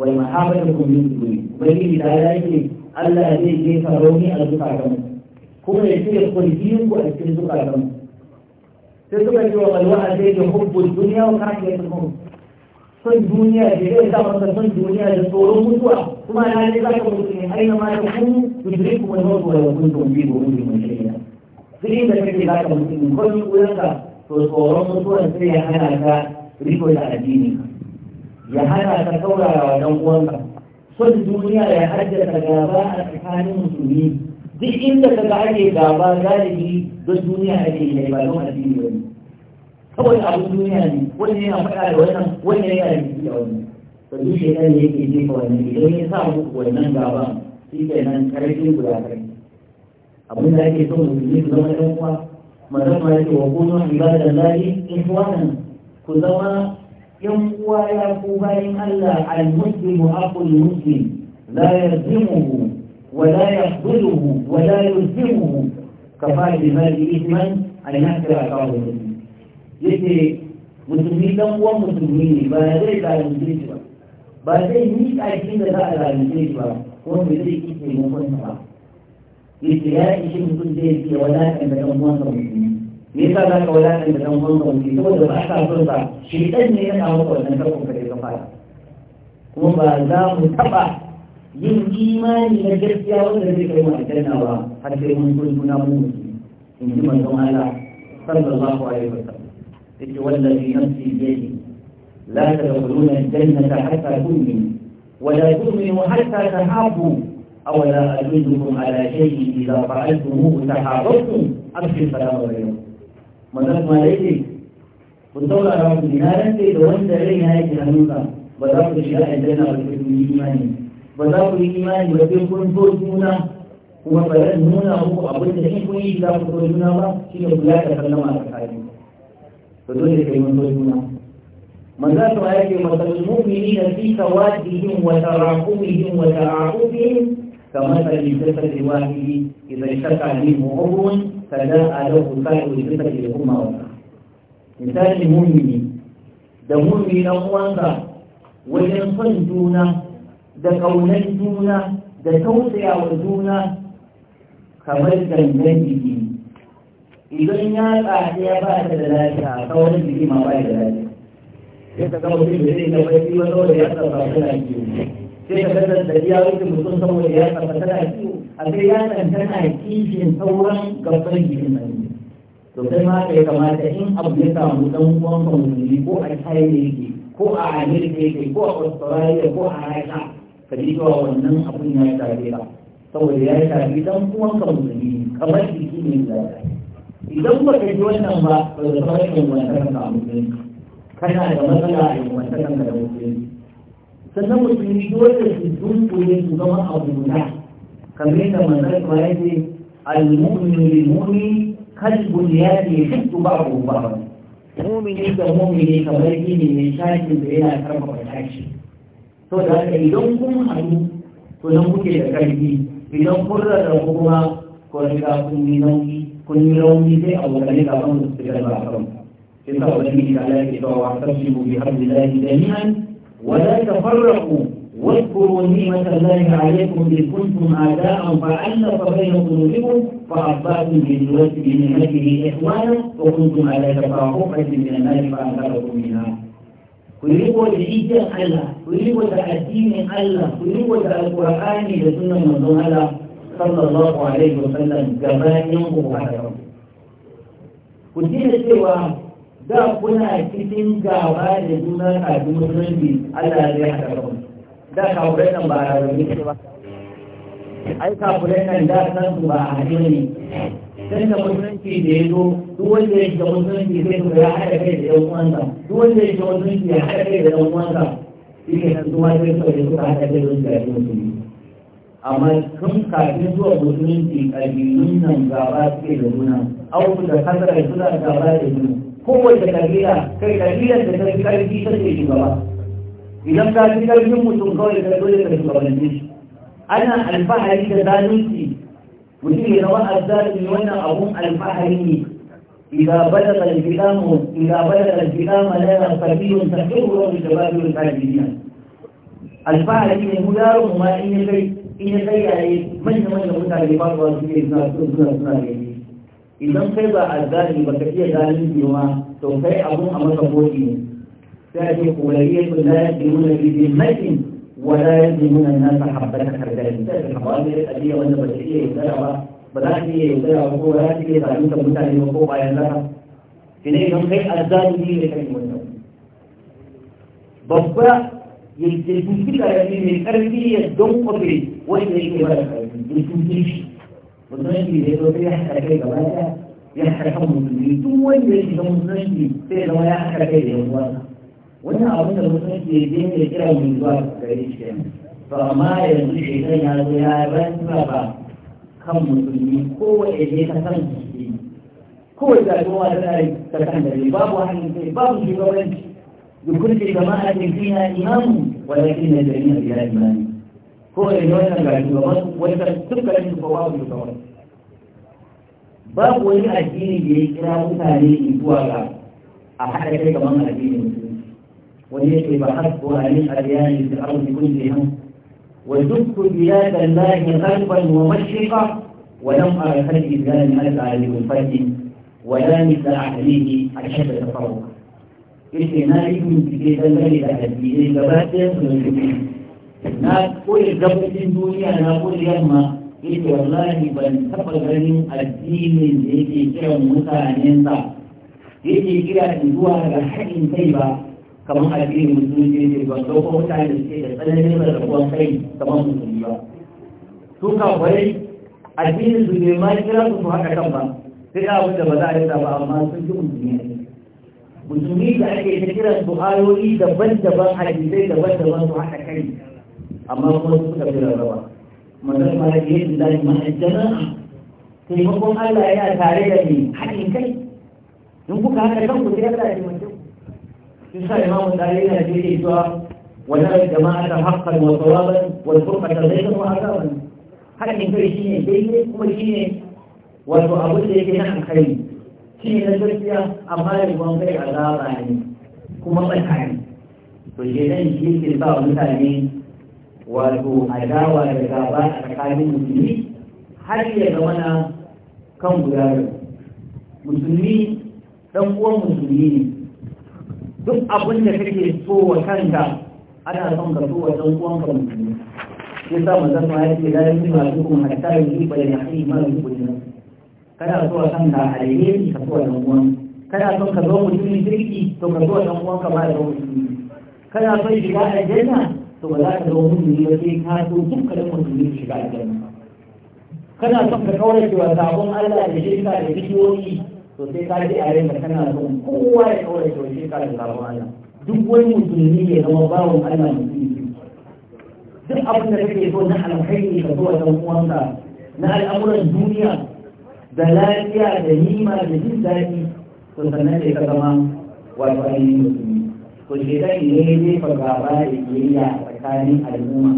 ومحافظكم من الدنيا ولكن تعالى يقول ألا أدري كيف روني أدوك عكم كم يسير قلبيك وأسكرزك عكم تتبع جواب الوحى زيد حب الدنيا وكاكية الحب صن دنيا جيدة إيه تبقى صن دنيا جسوره مدوع ثم أنا أعلم لك أينما يكون يدركم الموت ولو كنتم في بروج من شيئا فإن ذلك لك مسلم كل قلتك فسوره مدوع سيحنا لك ريكو تعديني ya hana ka saurara wa ɗan uwanka son duniya ya haddasa gaba a tsakanin musulmi duk inda ka ga ake gaba galibi don duniya ake yi ba don addini ba ne kawai abin duniya ne wani yana faɗa da wannan wani yana da jiki a wannan to duk shi ne yake jefa wannan idan ya sa muku wannan gaba shi ke nan karfin guda kai abin da ake so musulmi su zama ɗan uwa manzon ma yake wa kuma ibadan lahi in ku zama yan uwa ya ku bayan Allah al-muslimu aqul muslim la yazimuhu wa la yaqbuluhu wa la yuzimuhu kafa bi mali isman an yakra qawlu yace musulmi dan uwan musulmi ne ba zai zalunce shi ba ba zai yi ƙarfin da za a zalunce shi ba ko bai zai ki taimakon ba yace ya ishe mutum zai ce wala kan da dan uwan musulmi me yasa za ka wadata da dan wanda wani saboda ba a sa son sa shi dan ne ya kawo wannan tarkon ka da ya fara kuma ba za mu taba yin imani na gaskiya wanda zai kai mu aljanna ba har sai mun kun suna mu musulmi in ji manzon Allah sallallahu alaihi wasallam yace wallazi nafsi biyadi la tadkhuluna aljannata hatta tu'minu wa la tu'minu hatta tahabu أولا أدلكم على شيء إذا فعلتموه تحاببتم أمشي السلام عليكم manzon kuma ya ce ku saurara ku na rantse da wanda rai na yake hannunka ba za ku shiga aljanna ba sai kun yi imani ba za ku yi imani ba sai kun so juna kuma ba zan nuna muku abin da in kun yi za ku so juna ba shi ne kula da sallama a tsakani ba dole sai mun so juna manzon kuma ya ce masalin mu'mini da fi kawadihim wa tarahumihim wa ta'ahufihim كمثل الجسد الواحد إذا اشتكى منه عضو a فجاء له الفاعل بصفة الأمة والله misali mumini da mumini na wanka wajen son juna da ƙaunar juna da tausaya wa juna kamar gangan jiki idan ya tsada ya ba ta da lafiya a wani jiki ma ba da lafiya sai ka ga mutum da zai gaba shi wani wanda ya tsaka shi lafiya sai ka kasance da ya wuce mutum saboda ya tsaka tana kiwo a sai ya tsaka tana kishin sauran gaban jikin nan to sai ma kai kamata in abu ya samu dan uwan musulmi ko a China yake ko a America yake ko a Australia ko a Rasha ka ji cewa wannan abun ya shafe ka saboda ya shafi dan uwan musulmi kamar jiki ne da ya idan ba ka ji wannan ba ba za ka yi wannan kan ka musulmi kana da matsala a yi wannan kan da musulmi sannan musulmi dole su dunkule su zama abu guda kamar yadda manzon kuma ya ce al-mu'minu lil-mu'min kalbun ya ce hiddu ba'du ba'du mu'mini ga mu'mini kamar gini mai shakin da yana karfafa shashi to da haka idan kun haɗu to nan kuke da ƙarfi idan kun rarrabu kuma ko riga kun yi nauyi kun yi rauni sai abokanai gaban su su gaba a kan sai sa wani mai ala ke cewa wasan shi mu bi hamdillahi jami'an ولا تفرقوا واذكروا نعمة الله عليكم إذ كنتم أعداء فألف بين قلوبكم فأصبحتم بنعمته إخوانا وكنتم على شفا حفرة من النار فأنقذكم منها kuliko da ijin Allah kuliko da addinin Allah kuliko da alqur'ani da sunnan manzon Allah sallallahu alaihi wasallam gabanin ku ku cewa da kuna cikin gaba da juna a musulunci Allah zai haɗa kawo da kafurai nan ba a rarrabe ba ai ka kafurai nan da san su ba a haɗe ne sai da musulunci da ya zo duk wanda ya shiga musulunci sai su ya haɗa kai da ɗan uwansa duk wanda ya shiga musulunci ya haɗa kai da ɗan uwansa shi ke nan zuwa sai su da suka haɗa kai da su gaji musulunci amma tun kafin zuwa musulunci ƙabilun nan gaba suke da juna au da kasar suna gaba da juna قوة التغيير كي تغيير تغيير كي تغيير كي تغيير إذا كان تغيير يوم تنقل تغيير كي تغيير أنا البحري تدانيتي وتي روى أبدال من وانا أقوم البحري إذا بلغ الكلام إذا بلغ الكلام لا يرتدي تكبر بجواب الكاذبين الفاعل إن مدار وما إن شيء إن شيء يعني من من يقول تعليمات والسيد ناس ناس ناس ناس idan kai ba a azzalimi ba ka iya zalunci ma to kai abun a masa boki ne sai ake kulayiyar su la yadimuna bi dhimmatin wa la yadimuna nasa habbata kardari sai ka ba ne abiya wanda ba ta iya yaudara ba ba za ta iya yaudara ba ko ba za ta iya zalunta mutane ba ko bayan zaka shi ne idan kai azzalimi ne kai wannan babba ya jirgin kika ya ne mai karfi ya don kwafe wanda yake ba da karfi jirgin shi musulunci da ya zo sai ya haɗa kai gaba ɗaya ya haɗa kan musulmi duk wanda ya shiga musulunci sai zama ya haɗa kai da yan uwansa wannan abin da musulunci ya je ya kira mu zuwa gare shi kenan to amma yanzu shaitan ya zo ya rantsa ba kan musulmi kowace ne ta san musulmi kowai da kowa da tsari ta kan dare babu hannun kai babu shugabanci yukurki jama'a da kina imamu walakin na jami'a biya imani ko ya yi wannan ga shugaban wani ka duka rashin kowa wa shugaban babu wani addini da ya kira mutane zuwa ga a haɗa kai kamar addinin musulunci wani yake ba har ko a yin addiyani da arzikin kullum وجدت بلاد الله غربا ومشرقا ولم أرى خلق الزلم أسعى لألفته ولا مثل أهليه أشد تفرقا إذ نائب من تلك البلد التي إليك باتت من na koyi gabashin duniya na koyi yamma yake wallahi ban taɓa ganin addinin da yake kiran sa yake kira zuwa ga haɗin kai ba kamar addinin musulunci ne ban ko mutane da suke da tsananin rarrabuwan kai kamar musulmi ba su kawai addinin su ne ma kira su haɗa kan ba sai da abin da ba za a yi ba amma sun ji musulmi musulmi da ake ta kiran su ayoyi daban-daban hadisai daban-daban su haɗa kai amma kuma suka fi rarraba manzon ma yake yin da mai jama'a taimakon Allah yana tare da ni haɗin kai in kuka haɗa kanku sai Allah ya taimake ku shi sa imamu tsari yana ce cewa ولا جماعة حقا وصوابا والفرقة خيرا وعذابا حتى كل شيء جيد كل شيء وتعبد لك نحن خير شيء نزلت أمال وانفع عذابا كما طلع عني فالجنان شيء كتاب مثالين wato adawa da gaba a tsakanin musulmi har ya zama na kan guda musulmi dan uwan musulmi ne duk abin da kake so wa kanka ana son ka so wa dan uwan ka musulmi sai sa manzon ya ce da yin ma su kuma hatta yi ba da haƙi ma su kuma kana so wa kanka alheri ka so wa dan uwan kada son ka zo mutumin kirki to ka so wa dan uwan ka ba da musulmi kana son shiga aljanna to ba za ka zama musulmi ba sai ka so dukkanin musulmi su shiga aljanna kana son ka kawar cewa sabon Allah da shirka da bishiyoyi to sai ka ji a ranka kana son kowa ya kawar cewa shirka da sabon Allah duk wani musulmi ya zama bawon Allah musulmi duk abin da kake so na alkhairi ka zo da uwanka na al'amuran duniya da lafiya da nima da jin daɗi to sannan sai ka zama wato ainihin musulmi to shekai ne ne fa gaba da kiyayya خالي على الأمة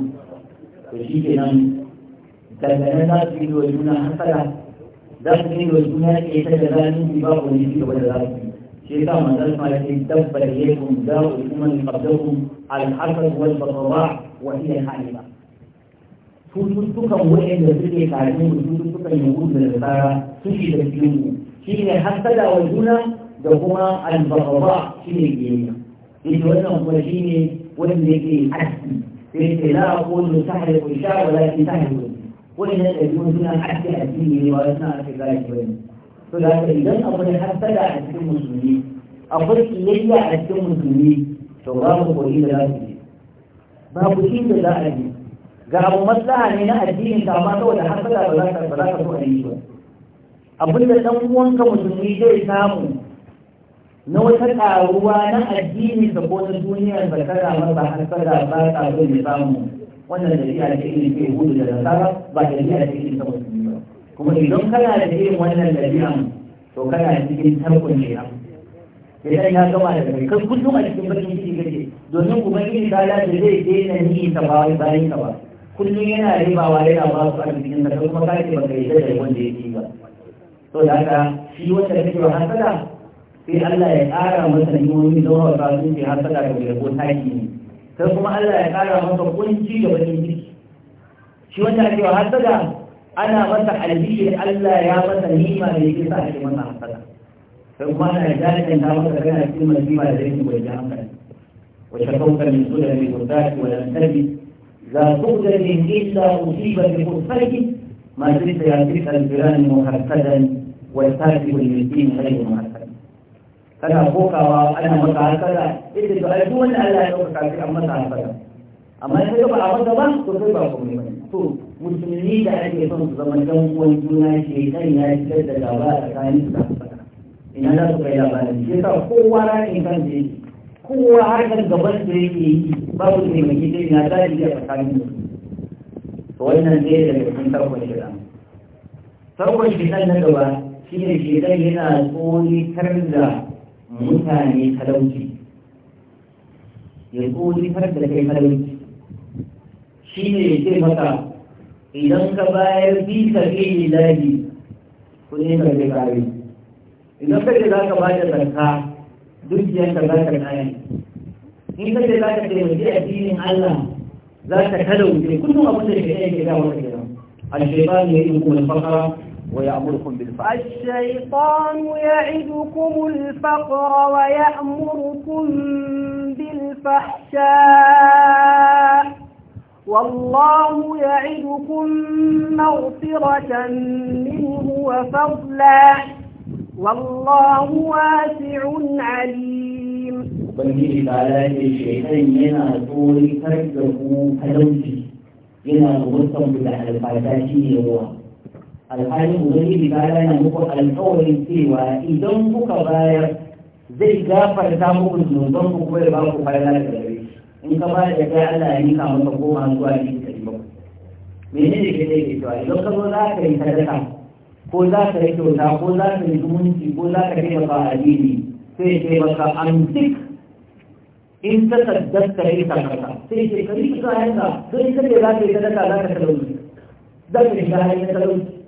وشيكنا تلتنا في الوجونا حصلا دخل الوجونا يتجبان في بعض الوجود والدار شيطا من ذلك ما يتدفع ليكم دار الأمة قبلكم على الحرف والبطراع وهي حالمة فوجودك موين لذلك تعلمون وجودك الموجود من البارة سوشي تسلمون شيكنا حصلا وجونا دخوما البطراع شيني الجيمية إذا أنهم مجيني wanda yake aski sai ce la aqulu tahriqu sha walakin tahriqu wannan ɗabi'un suna aski addini ne ba suna aski gashi bane to da haka idan akwai hasada a cikin musulmi akwai kiyayya a cikin musulmi to babu kuɗi da za su je babu shi da za a je ga abu maslaha ne na addinin ka amma saboda hasada ba za ka ba za ka so a yi ba abinda dan uwanka musulmi zai samu na wata karuwa na addini da ko na duniyar da kada har kada ba ta zo ne samu wannan da iya ce irin ke hudu da nasara ba da iya ce irin ta ba kuma idan kana da irin wannan dabi'an to kana cikin tarkon ne idan ya gama da kai kan kullum a cikin bakin ciki kake domin ubangiji ta da zai na ni ta ba bayan ka ba kullum yana ribawa yana ba su arzikin da kuma ka ba kai da wanda yake ba to da haka shi wanda kake ba hasada sai Allah ya ƙara masa ni'imomi don wa ta zuci har sada da wuya ko taki ne sai kuma Allah ya ƙara masa kunci da bakin ciki shi wanda ake wa hasada ana masa albishir Allah ya masa ni'ima da yake sa ake masa hasada sai kuma ana jajin ta masa kana cikin mazima da yake bai da hankali wa shakauka min sulami wa zaki wa lam tabi za tuqdar min illa usiba bi khufaki ma tilka ya tilka al-jiran muhassadan wa al-fasiq al-miskin ghayr muhassad kana kokawa ana maka hasada ita to ai duk wanda Allah ya dauka sai an masa hasada amma sai ba a wanda ba to sai ba komai ba to musulmi da ake son su zama dan uwan juna ke kan ya shigar da gaba a tsakanin su ina za su kai labarin shi yasa kowa in kan da yake kowa harkar gaban da yake yi babu mai kike na tsari da tsakanin su to wannan ne daga cikin tarkon shida tarkon shida na gaba shi ne shida yana tsoni da mutane talauci ya tsoli har da kai talauci shi ne ya ce maka idan ka bayar bi sabi lillahi kuɗi ka zai kare idan ka ce za ka bada duk dukiyar ka za ka kayan. in ka ce za ka taimaki addinin Allah za ka talauce kullum abin da ke yake ga wata kenan al-shaytan ya yi kuma fakara ويأمركم بالفقر الشيطان يعدكم الفقر ويأمركم بالفحشاء والله يعدكم مغفرة منه وفضلا والله واسع عليم ubangiji ta lafi shaitan yana tsoratar da ku talauci yana zuwar da alfata shi ne alhali ubangiji ba yana muku alkawarin cewa idan kuka bayar zai gafarta muku zunuban ku kuma ba ku farla da gare in ka bayar da kai Allah ya nika maka koma zuwa ne ka yi baku menene ke da yake cewa idan ka zo za ka yi sadaka ko za ka yi kyauta ko za ka yi zumunci ko za ka taimaka a addini sai ce maka amsik in ta saddasta yi sakarka sai ce ka yi kayanka don ita ce za ka yi sadaka za ka talauci za ka yi kayan talauci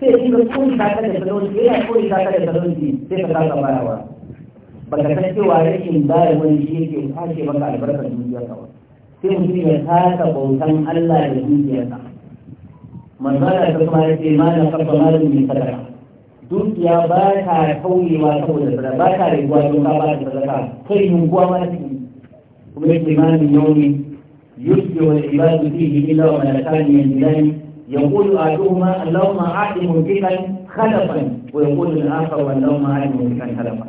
sai shi ba kun ta kada salon sai ya koyi ta kada salon shi sai ka kasa bayawa baka san cewa rashin bayar wani shi yake kwashe maka albarkar dukiyarka ba sai mutum ya kasa bautan Allah da dukiyarsa manzo Allah ta kuma ya ce ma na kafa malin mai sadaka dukiya ba ta kauyewa saboda sadaka ba ta riguwa don ka ba ta sadaka kai yunguwa ma ta yi kuma yake ma min yaumi yusbi wal ibadu fihi illa wa malakani yanzilani يقول أحدهما اللهم أعد ممسكا خلفا ويقول الآخر اللهم أعد ممسكا خلفا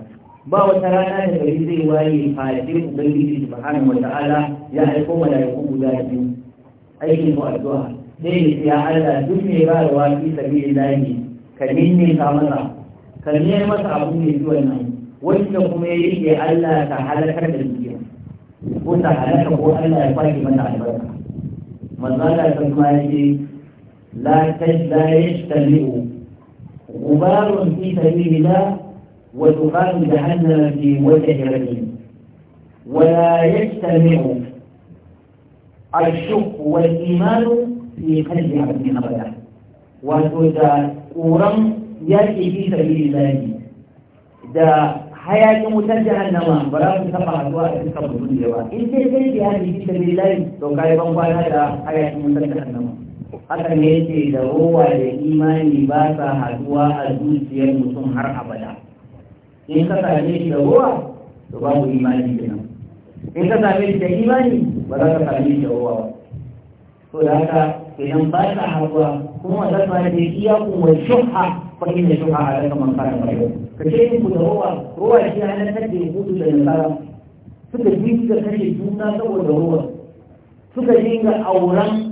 ba wata rana da gari zai waye fayatin ubangiji subhanahu wa ta'ala ya aiko malaiku guda biyu aikin mu addu'a sai ne ya Allah duk mai ba da wani sabi ilahi ka ninne ka masa ka masa abu ne zuwa nan wanda kuma ya rike Allah ta halakar da dukiya ko ta halaka ko Allah ya fashi mata albarka manzo Allah ya san ma yake لا لا يجتمع غبار في سبيل الله ودخان جهنم في وجه رجل ولا يجتمع الشك والإيمان في قلب عبد أبدا وتدا قرم يأتي في سبيل الله دا حياة متجهة نما ولا سبع أدواء تسمع الدنيا إن تسمع هذه في سبيل الله لو كان يبقى هذا حياة متجهة نما haka ne yake da rowa da imani ba sa haduwa a zuciyar mutum har abada in ka same shi da rowa to babu imani da nan. in ka same shi da imani ba za ka same shi da rowa ba to da haka idan ba sa haduwa kuma za ka da iya kuma shuha fa da shuha a daga man fara bayo ka ce ku da rowa rowa shi hana ta take hudu da nasara suka dinga kashe juna saboda rowa suka dinga auren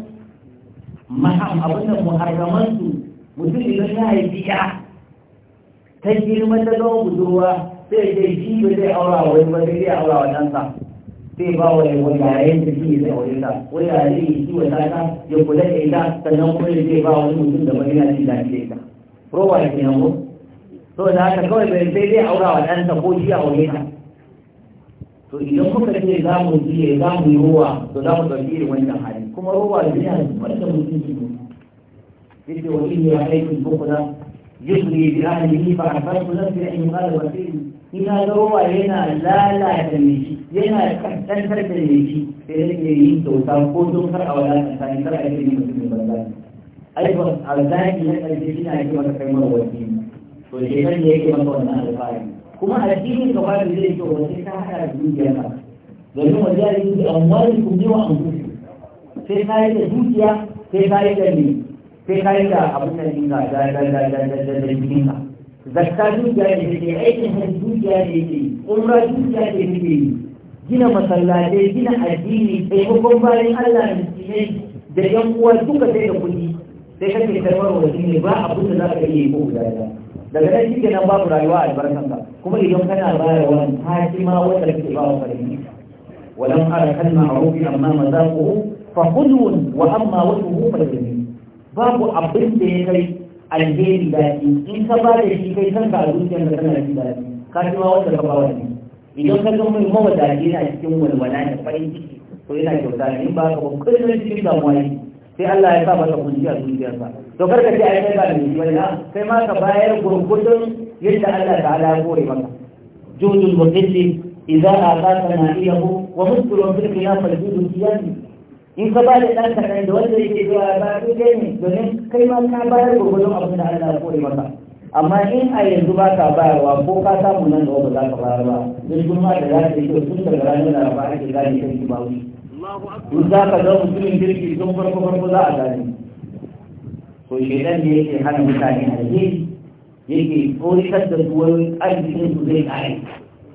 maham abin da muharramansu mutum idan ya haifi ya ta girma ta zama budurwa sai ya shi ba zai aura wa wani ba zai aura wa ɗansa sai ba wa yawon yayin da shi zai aure ta wani zai yi shi wa ta ya kula da ita sannan kuma ya zai ba wani mutum da bari na shi da shi ita roba ya ke yanko so da haka kawai bai sai zai aura wa ɗansa ko shi a aure ta to idan kuka ce za mu je za mu yi ruwa to za mu ɗauki irin wancan hali kuma rowa da biya wanda mutunci ne yake wa inni alaikum bukhla yusri bi ahlihi fa habbatu nafsi an qala wa fi ina rowa yana lalata ne shi yana kantar da ne shi sai yake yin kyauta ko don kar a wadata sai kar a yi mutum banza ai ba alzaki na karshe shi na yi maka kai mara wasi to shi ne yake maka wannan alfahari kuma addinin gaba da zai kyau wani ta hada da dukiyarka domin wajen yi amwalikum ne wa anfusikum sai ka yi da dukiya sai ka yi da ne sai ka yi da abin da dinga da da da da da da da zakka dukiya ne ke aikin hajji dukiya ne ke umra dukiya ne ke gina masallatai gina addini taimakon bayan Allah miskinai da yan uwa duka sai da kuɗi sai kake karɓar wani ne ba abin da za ka iya yi ko guda ɗaya daga nan shike nan babu rayuwa a albarkan ka kuma idan kana bayarwa ta ci ma wanda kake ba wa farin ولم ara kalma a rufi ذاقه fa hulun wa amma wajhuhu fa jamil babu abin da ya kai alheri daɗi in ka ba da shi kai kanka a zuciyar da kana ji daɗi ka ji ma wanda ka ba wani idan ka ga mai mawadaci yana cikin walwala da farin ciki ko yana kyauta ne in ba ka ba kullum cikin damuwa ne sai Allah ya sa masa kunci a sa. to kar ka ce ai kai ba da shi bane kai ma ka bayar gurgudun yadda Allah ta ta'ala ya kore maka judul mutilli idza ataka na'iyahu wa muskulun fil qiyam al judul qiyam in ka ba da ɗan kaɗan da wanda yake zuwa ba su dai ne domin kai ma ka bayar gurgurdun abin da Allah ya kore maka amma in a yanzu ba ka bayarwa ko ka samu nan da wanda za ka bayar ba don kuma da za ta yi kyau tun daga ranar da ba ake gane kan ki bawi in za ka zama mutumin girki sun farko farko za a gane to shaidan ne yake hana mutane a yake tsoratar da su wani arzikin su zai ƙare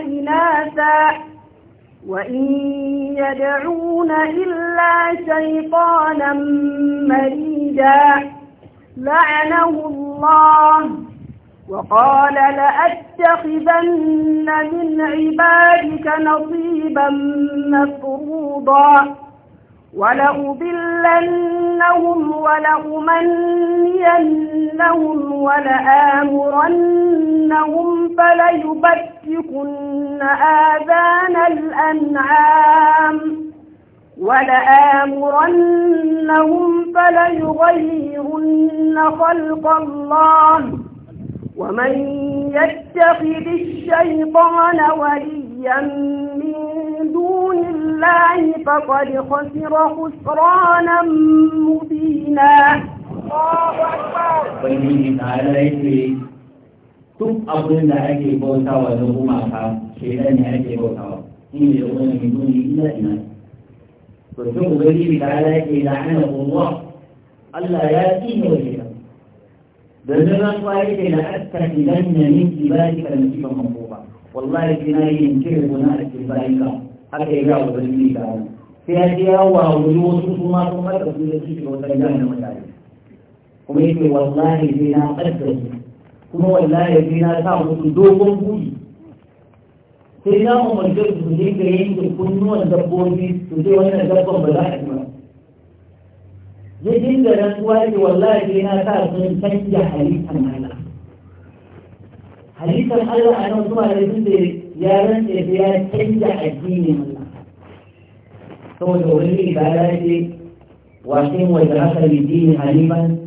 إناثا وإن يدعون إلا شيطانا مريدا لعنه الله وقال لأتخذن من عبادك نصيبا مفروضا ولأضلنهم ولأمنينهم ولآمرنهم فليبتكن آذان الأنعام ولآمرنهم فليغيرن خلق الله ومن يتخذ الشيطان وليا من دون الله فقد خسر خسرانا مبينا تم اپنے نئے کے بوتا ہوا جو گما تھا شیر نئے کے بوتا ہوا ان لوگوں نے ہندو نہیں کیا ہے تو جو مغلی بتا رہا ہے کہ لعن اللہ اللہ یا کی ہو گیا دردنا کوئی کہ لعن تکیلن من کبالی کا نصیب محبوبہ والله كناي ينكر بنائك البائكة حتى يجعوا بالميكة في هذه أول وجوه سوسو ما تمتر في يسيك وتجاهنا مجالك وميكي والله فينا قدر كنو والله فينا تعبوا تدوكم بوي سيدنا عمر جرد وزيك ريمت كنو الدبور في سوتي أن الدبور بلاحكما جيد جدا نسواتي والله فينا تعبوا تنجح حليفا معي hadisan Allah a nan zuwa da duk da ya rantse da ya canja addinin Allah saboda wani da ya ce wa shin wa jarasa bi dini haliman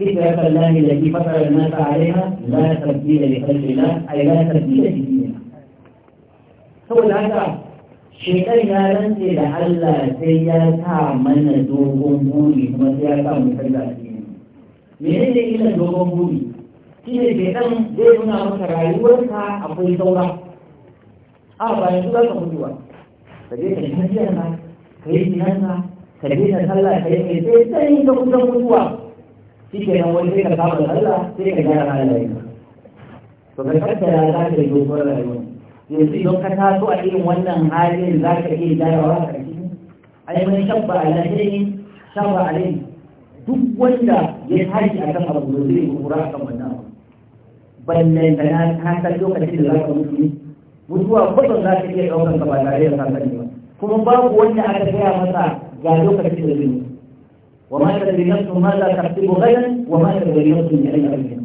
فكرة الله التي فطر الناس عليها لا تبديل لخلق الله أي لا تبديل لدينها هو العكا شيطان يا رنسي لعل سياسة من دوغم بوري ثم سياسة مفردة من اللي إلى دوغم بوري shi ne ke ɗan zai nuna maka rayuwarka akwai saura a ba yanzu za ka mutuwa ka je ka yi hajjiyar na ka yi sinan na ka je ka sallah ka yi mai sai sai ka kusan mutuwa shi ke nan wani sai ka da Allah sai ka gyara halayen da. to ka ya za ka yi dokar rayuwa yanzu idan ka taso a irin wannan halin za ka iya gyara wa a ciki ai mai shabba alaihi shabba a duk wanda ya tashi a kan abu da zai kura a kan wannan balle da na ka san lokacin da za ka mutu mutuwa kwatan za ka iya ɗaukar ka ba tare da sasani ba kuma babu wanda aka gaya masa ga lokacin da zai وما تدري نفس ماذا تكتب غدا وما تدري نفس من اي امر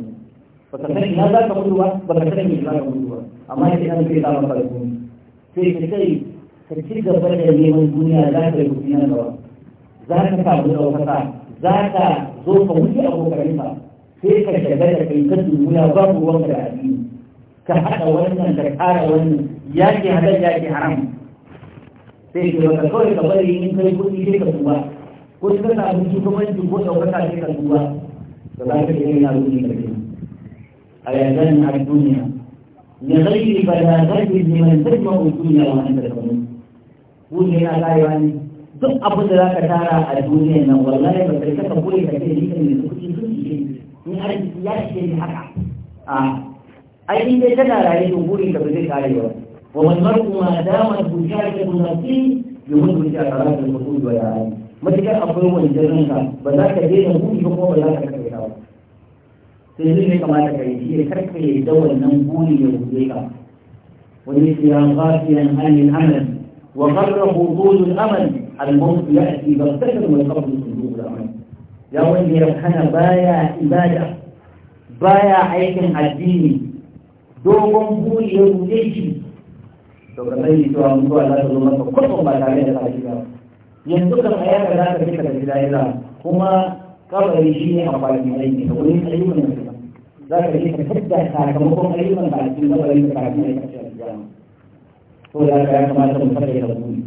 فكتبت ماذا تقولها فكتبت ماذا تقولها اما يجب ان في تعرف الكون في كتير كتير قبل اليوم الدنيا ذاك الدنيا ذاك تعبد او فتاه ذاك ظروف وجه ابو كريمه sai ka da kai ka dubula babu ruwan da addini ka haɗa wannan ka ƙara wannan yaki halal yaƙi haram sai ka yau ka kawai ka bari in kai kuɗi sai ka duba ko ka na abin shugabanci ko ɗaukaka sai ka duba ka ba ka yi na ruɗi ka kai a yanzan a duniya ya zai ba da zai ne mai zai ma duniya wannan da kamar kuɗi yana karewa ne duk abin da za ka tara a duniya nan wallahi ba kai ka kure ka ce ni ne يعني يعني هذا اه اي دي كده على يقول لك بده ومن مر ما دام بجاره المنتي يمر بجاره المنتي ويا يعني ما تقدر اقول هو الجنن ده بدا كده يقول لك هو ولا كده كده تدري كما كان دي كانت عن الامل وقرب وجود الامل المنطق ياتي بالسكن من ya wanda ya hana baya ibada baya aikin addini dogon buri ya ruɗe shi to ka sani cewa mutuwa za ta zo maka kwatsam ba tare da kashi ba yanzu kan ayaka za ka fita da gida kuma kabari shi ne amfani aiki da wani ayyukan da suka za ka yi tafiya sakamakon ayyukan da a cikin kabarin da kafin aikace a gida to ya kamata mu fara da buri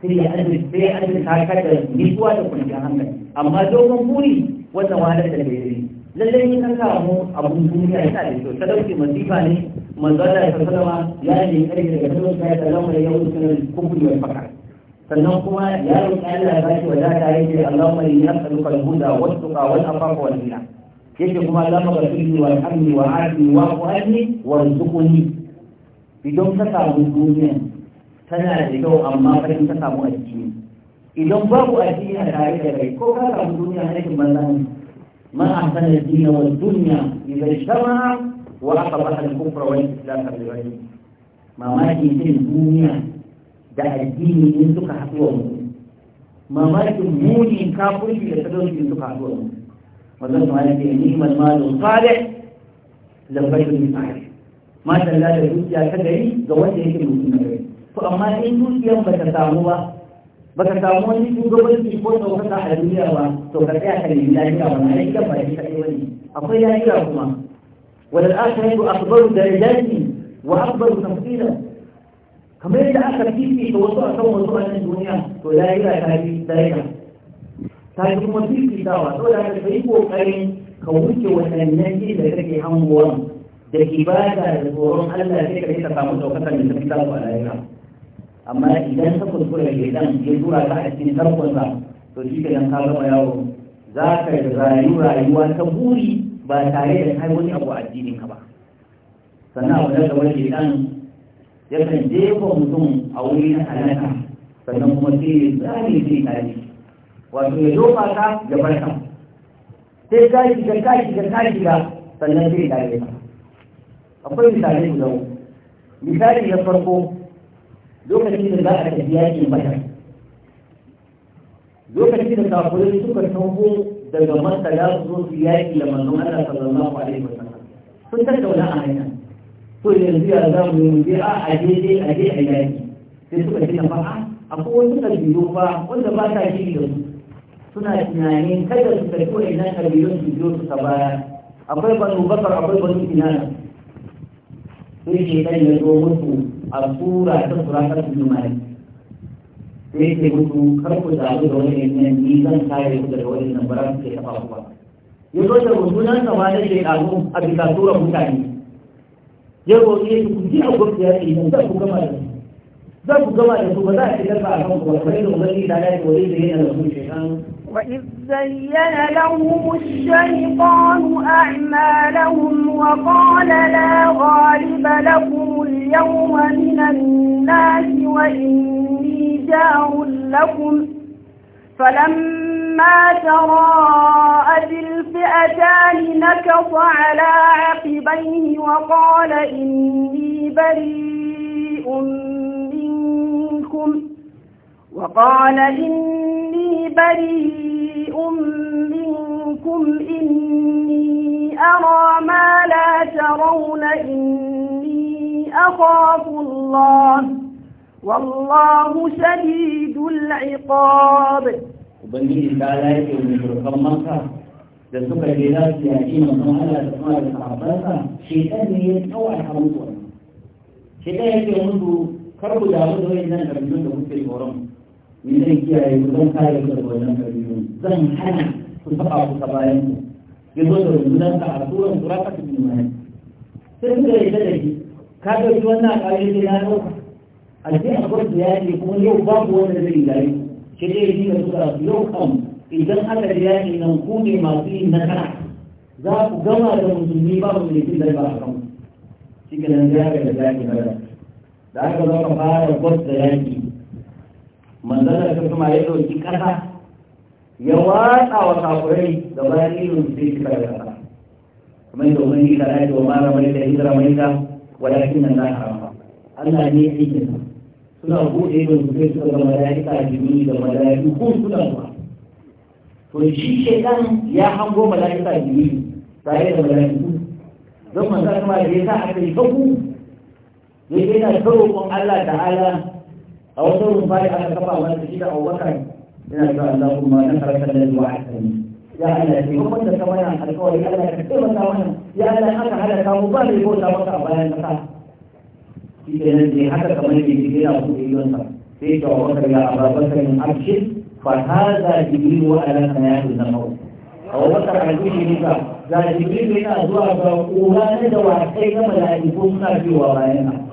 sai ya azurta ka da nutsuwa da kwanciyar hankali amma dogon buri wata wahalar da bai yi lallai in ka samu abun ya yana da kyau talauci masifa ne manzala ta salama ya ne kare daga talauci ya salama da yawon sunan kukuri wal fakar sannan kuma ya yi Allah ya bashi wadata yake Allahumma inni as'aluka al-huda wa tuqa wal afafa wal ghina yake kuma Allahumma ghfirli wa hamni wa afi wa afani wa rzuqni idan ka samu duniya tana da kyau amma kai ta samu addini idan babu addini a tare da kai ko ka samu duniya na kin manzan ma ahsana ad-din wa ad-dunya idza shama wa aka aqbaha al-kufra wa al-islam bi ghayri mamaki din duniya da addini in suka haɗuwa mu mamaki muni kafirci da sadauki suka haɗuwa mu wannan kuma yake ni'mal malu salih labbaik bi sa'id ma dalla da dukiya ta gari ga wanda yake mutum na to amma in dukiyar ba ta samu ba ba ka samu wani shugabanci ko ɗaukaka a duniya ba to ka tsaya ka nemi lafiya ba na lafiya ba shi kaɗai wani akwai lafiya kuma wadda aka yi akbaru da rajaki wa akbaru tafsila kamar yadda aka fifita wasu akan wasu a nan duniya to lafiya ta yi lafiya ta yi kuma fifitawa saboda haka ka yi ƙoƙarin ka wuce waɗannan ji da kake hangowa da ibada da tsoron Allah sai ka yi ka samu ɗaukaka mai tafi samu a lafiya amma idan ka kuskure da idan ya tura ka a cikin tarkonsa to shi kenan ka gama yawo za ka rayu rayuwa ta buri ba tare da kai wani abu addinin ka ba sannan abu da wani idan yakan jefa mutum a wuri na halaka sannan kuma sai zane sai kaji wato ya dofa ka ya ka sai ka shiga ka shiga ka ka sannan sai kaji akwai misali guda misali na farko lokacin da za a tafi yakin badar lokacin da kafirai suka taho daga masa za su zo su yaƙi da manzon Allah sallallahu alaihi wasallam sun tattauna a hanya to yanzu ya za mu yi bi a aje dai aje a yaƙi sai suka ce fa a akwai wasu kabilu ba wanda ba ta shi da su suna tunanin kada su tafi wa ina kabilun su biyo su ta baya akwai banu bakar akwai banu kinana sai shi ya zo musu a ta tura ta su mai sai ke mutu kar da abu da wani ne ni zan kare su daga wani nan bara ke taɓa ku ya zo da rubunan nan ma da ke ɗazu a bisa tura mutane ya roƙi ya ku ji a gwamnati ya ce zan ku gama da su zan ku gama da su ba za a shigar ba a kan ku ba da yadda ubangiji ta dace wajen da yana da su shekan وإذ زين لهم الشيطان أعمالهم وقال لا غالب لكم اليوم من الناس وإني جار لكم فلما تراءت الفئتان نكص على عقبيه وقال إني بريء منكم وقال إني بريء منكم إني أرى ما لا ترون إني أخاف الله والله شديد العقاب وبنيه تعالى يقول لك رمضان ده سوق الجيلات يا جيم ما هلا تقول لك عباسه شيء ثاني هو الحمد لله شيء ثاني هو كربو داوود هو اللي كان بيقول لك ni zai kiyaye ku zan kare ku daga wannan kabilu zan hana ku taɓa ku ta bayan ku ya zo da rundunar ka a turan kura ka tafi mai sai suka yi da shi ka ɗauki wannan ƙare sai na ɗauka a ce a gwamnati ya ce kuma yau babu wanda zai yi gari shi dai ya dinga tura su yau kan idan aka da yaƙi nan ku ne masu yin nasara za ku gama da musulmi babu mai jin zai ba a kan shi ke nan ya ga da yaƙi na da aka zama fara gwamnati da yaƙi manzana da kuma ya ɗauki ƙasa ya watsa wa kafurai da bayan ilon sai shi kare ƙasa kuma yadda wani yi na da wa ramar mai da hijira mai ka walakin nan na harafa Allah ne ya yi suna buɗe ilon su sai suka ga mala'ika jini da mala'iku ko suna kuma to shi kan ya hango mala'ika jini tare da mala'iku don manzana kuma da ya sa aka yi kafu ya yi na karo Allah ta'ala أو صور صالحة تقطع ولا تجد أو وكان إن شاء الله ما نفرك الذي وعدتني يا الله في وقت كمان القول يا الله كثير كمان يا الله أنا هذا كمبالي يقول لا وقع ولا ينفع في كنزي حتى كمان في كثير أو في ينفع في جوابك يا أبا بكر من أبشر فهذا جبريل وأنا خيال النمو أو بكر عزيز نساء لا جبريل بين أزواج وأولاد وعسكرين ملائكون في وراءنا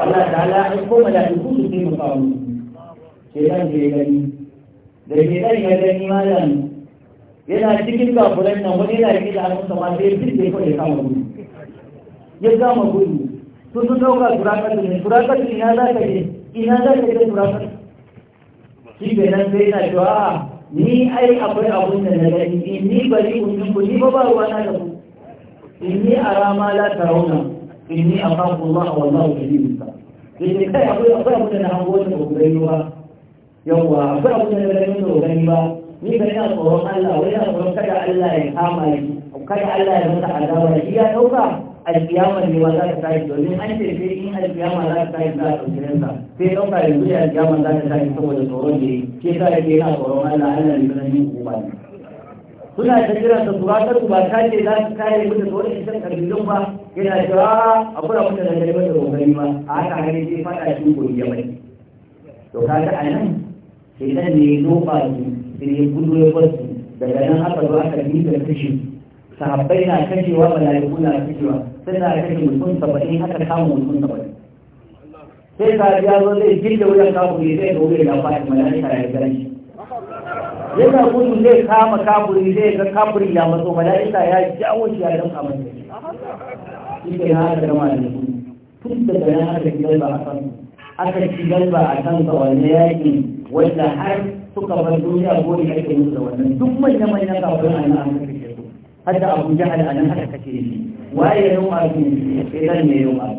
Allah ta'ala koma ko mala'iku su sai mu kawo shedan da ya gani da shedan ya gani malam yana cikin kafuran nan wani yana yake da hannun sama sai fit da ya kama gudu ya kama gudu sun sun dauka turakar ne turakar ina za ka je ina za ka je turakar shi ke nan sai yana cewa a ni ai akwai abun da na gani in ni bari in ku ni ba ba ruwa na da ku in ni a rama la tarawna إني أخاف الله والله شديد العقاب إذا كان يقول أخاف أن أقول أغنيها يوم أخاف أن أقول أغنيها ni bai da tsoron Allah wai da tsoron kada Allah ya kama shi kada Allah ya masa azaba shi ya dauka alkiyama ne wanda ta tashi domin an ce sai in alkiyama za ta tashi za ta ɗauki sa sai ɗauka da zuwa alkiyama za ta tashi saboda tsoron da ya ke sa yake yana tsoron Allah Allah ne zan yi uba ne suna ta jira ta tura ta tuba ta ce za su kare mu da tsoron ita ƙarfin ba yana cewa akwai abin da zai da kokari ma a haka gani sai fada shi gobe mai to kaga a nan sai nan ne lofa su sai ya gudu ya basu daga nan aka zo aka yi da kashi sahabbai na kashewa mala'iku na kashewa sai na kashe mutum saba'in aka kama mutum saba'in sai ka ya zo zai jin da wurin kafuri zai zo zai gafa da mala'ika ya gani shi yana gudu zai kama kafuri zai ga kafuri ya matso mala'ika ya jawo shi ya dan kamar suka yi haka da malamu tun da nan aka ci galba a kan aka ci galba a kan ka wanne yaƙi wanda har suka bar duniya ko ne ake musu da wannan duk manya manyan kafin a nan aka kashe su hatta abu jahal a nan aka kashe shi waye yau a duniya idan ne yau a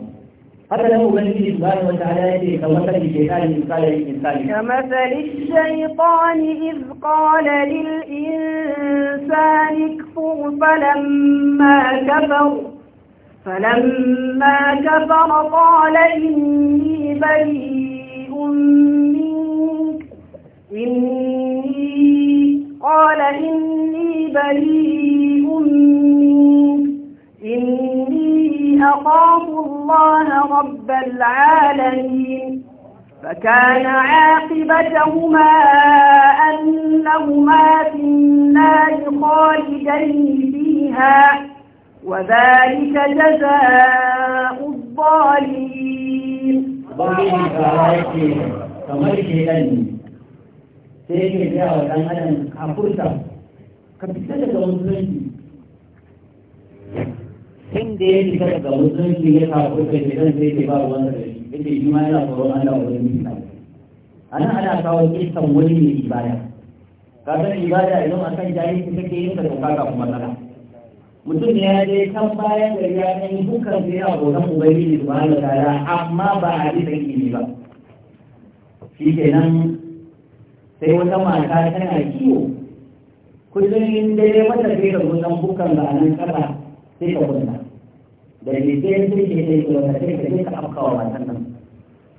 هذا له بني سبحانه وتعالى كمثل الشيطان إذ قال للإنسان كمثل الشيطان إذ قال للإنسان اكفر فلما كفر فلما كفر قال إني بريء منك إني قال إني بريء منك إني أخاف الله رب العالمين فكان عاقبتهما أنهما في النار خالدين فيها وذلك جزاء الظالمين ظالمين ba ya ce kamar shaidan ne sai yake gaya wa a furta ka musulunci da ya cika daga musulunci ya ka zan sai ke ba ruwan da shi ke shi ma yana tsoron Allah wajen A ana ana kawo kisan wani mai ibada ka san ibada idan a kan akan ta kake yin ka to ka kuma matsala mutum ya je kan bayan da ya ɗan dukkan sai ya gonan ubangiji su ba da amma ba a sanki ilimi ba shi kenan sai wata mata tana kiwo kullum in dai mata sai ka gonan hukar ba nan kasa sai ka gunna da ke sai sai ke sai ke wata sai ka sai ka afkawa matan nan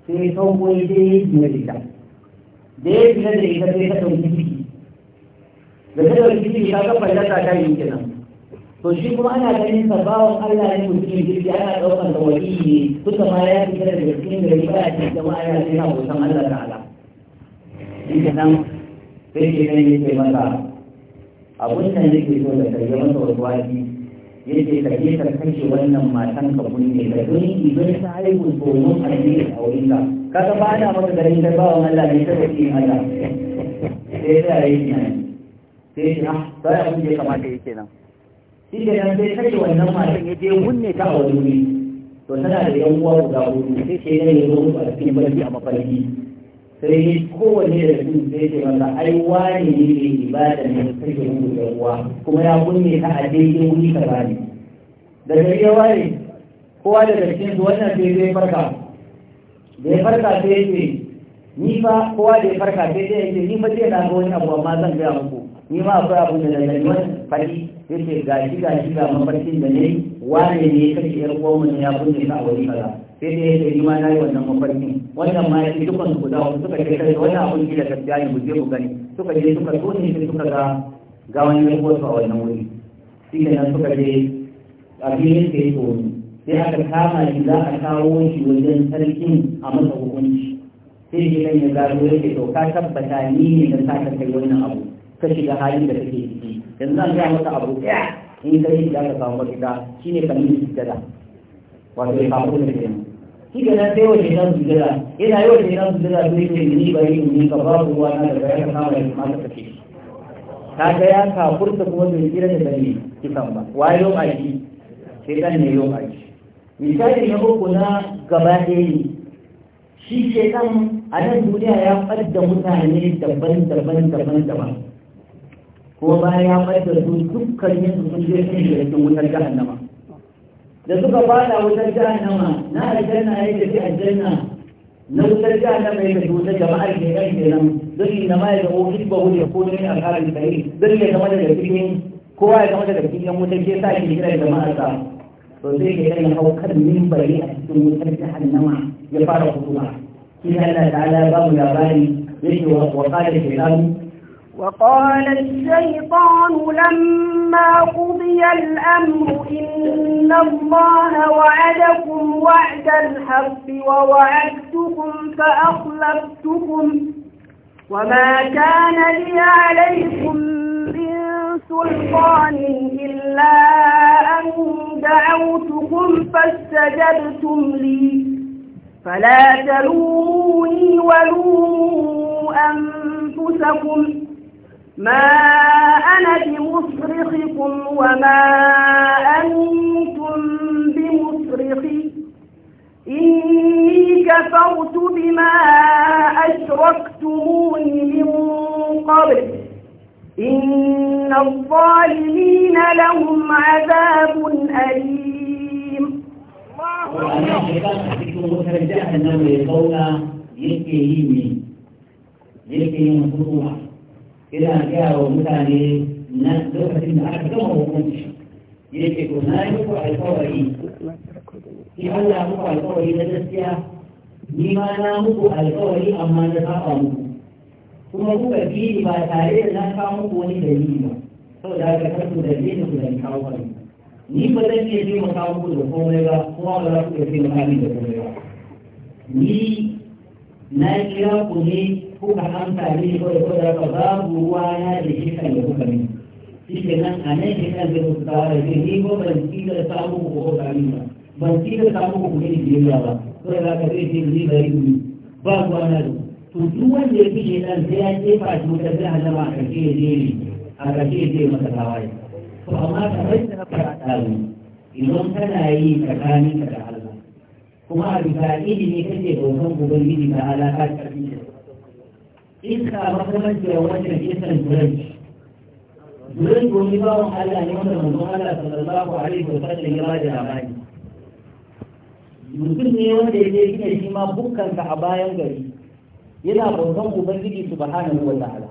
sai sauko ya je ya gina da ita da ya gina da ita sai ka ɗauki ciki da ta ɗauki ciki ta kafa ta ta yi kenan to shi kuma ana ganin sa Allah ne mutumin jirgi ana ɗaukar da wani ne duka ma ya fita da cikin gari ba a cikin jama'a ya fi na hoton Allah ta'ala in ka nan sai ke nan yake masa Abun nan yake so da kai masa ya yake ka je ka kashe wannan matan ka kunne ka don idan ta haihu tsoron addini a wuri ka kaga ba ana maka ganin kai ba Allah ne ta ne Allah sai ta yi nan sai ya sai ah, abin da ya kamata yake nan shi da nan sai kashe wannan matan ya je kunne ta a wani wuri to tana da yan uwa guda hudu sai sai na yi zo a cikin barci a mafarki sai ne kowane da su zai ce masa ai wani ne ke ibada ne ke muku yan uwa kuma ya kunne ta a daidai wuri ka bani da gari ya ware kowa da cikin su wannan sai zai farka zai farka sai ya ce ni fa kowa da ya farka sai dai ce ni ma zai na ga wani abu amma zan gaya muku ni ma akwai abu da na gani wani fadi yace ga shi ga shi ga mafarkin da ne wane ne kace yar ne ya bunne ka a wani kaza sai dai yace ni ma nayi wannan mafarkin wannan ma yace su guda wasu suka je kai wannan abun ki da gaskiya ne mu je mu gani suka je suka so ne suka ga ga wani yar ko a wannan wuri shi nan suka je a filin sai ko wani sai aka kama shi za a kawo shi wajen sarkin a masa hukunci sai shi kan ya gano yake to ka tabbata ni ne da sa ka kai wannan abu ka shiga halin da kake ciki yanzu an ga maka abu ɗaya in ka shiga ka samu mafita shine ka nuna sujjada wato ya kafu da kenan shi ga nan sai wace nan sujjada yana yi wace nan sujjada sai ce ni bari in yi ka ba ruwa na daga ya kama ya kama ka ce Ta ga ya kafurta kuma bai kira da dalili kisan ba wayo aiki sai dan ne yo aiki misali na uku na gaba ɗaya ne shi ke kan a nan duniya ya fadda mutane daban-daban daban-daban ko bayan ya bai da su dukkan yin sun je sun shiga cikin wutar jahannama da suka fada wutar jahannama na aljanna ya tafi aljanna na wutar jahannama ya tafi wutar jama'ar ke kan nan don yi na ya da ofis ba wuce ko ne a karin tsaye don ya zama daga cikin kowa ya zama daga cikin wutar ke sa ke kira jama'ar sa to zai ke kan hau kan mimbari a cikin wutar jahannama ya fara hukuma shi Allah ta'ala ba mu labari yake wa ke shaytanu وقال الشيطان لما قضي الأمر إن الله وعدكم وعد الحق ووعدتكم فأخلفتكم وما كان لي عليكم من سلطان إلا أن دعوتكم فاستجبتم لي فلا تلوموني ولوموا أنفسكم ما أنا بمصرخكم وما أنتم بمصرخي إني كفرت بما أشركتمون من قبل إن الظالمين لهم عذاب أليم الله أكبر. إلى أن جاءه مثلا من دفعة ابن عبد كما هو منتشر يجب ما يقع الفوائد في ألا يقع الفوائد لنفسها لما نامك الفوائد أما نفعهم ثم هو في لما تعرف نفعهم ولدليلهم ولكن هذا هو المكان الذي يجعل هذا المكان kuka an ne ko da ko da ka babu ruwa da shi kan da kuka ne shi ke nan a nan shi kan zai musu da ke ni ko ban ci da samu ko ko ka ba ban ci da samu ko ko ne biyayya ba ko da ka zai ce ni bari ni ba ruwa na da to duk wanda ya fice nan sai ya ba shi wuta zai halama a ƙarshe ya je ne a ƙarshe ya ce masa tawaye to amma kamar da na fara tsaro idan kana yi ka da Allah kuma a bisa ilimi kake bautan ubangiji ta alaka ƙarfi iska makamanciyar wannan isan duranci ba wani bawan Allah ne wanda manzon Allah sallallahu alaihi wa sallam ya ba da labari mutum ne wanda ya je gina shi ma bukkansa a bayan gari yana bautan ubangiji subhanahu wa ta'ala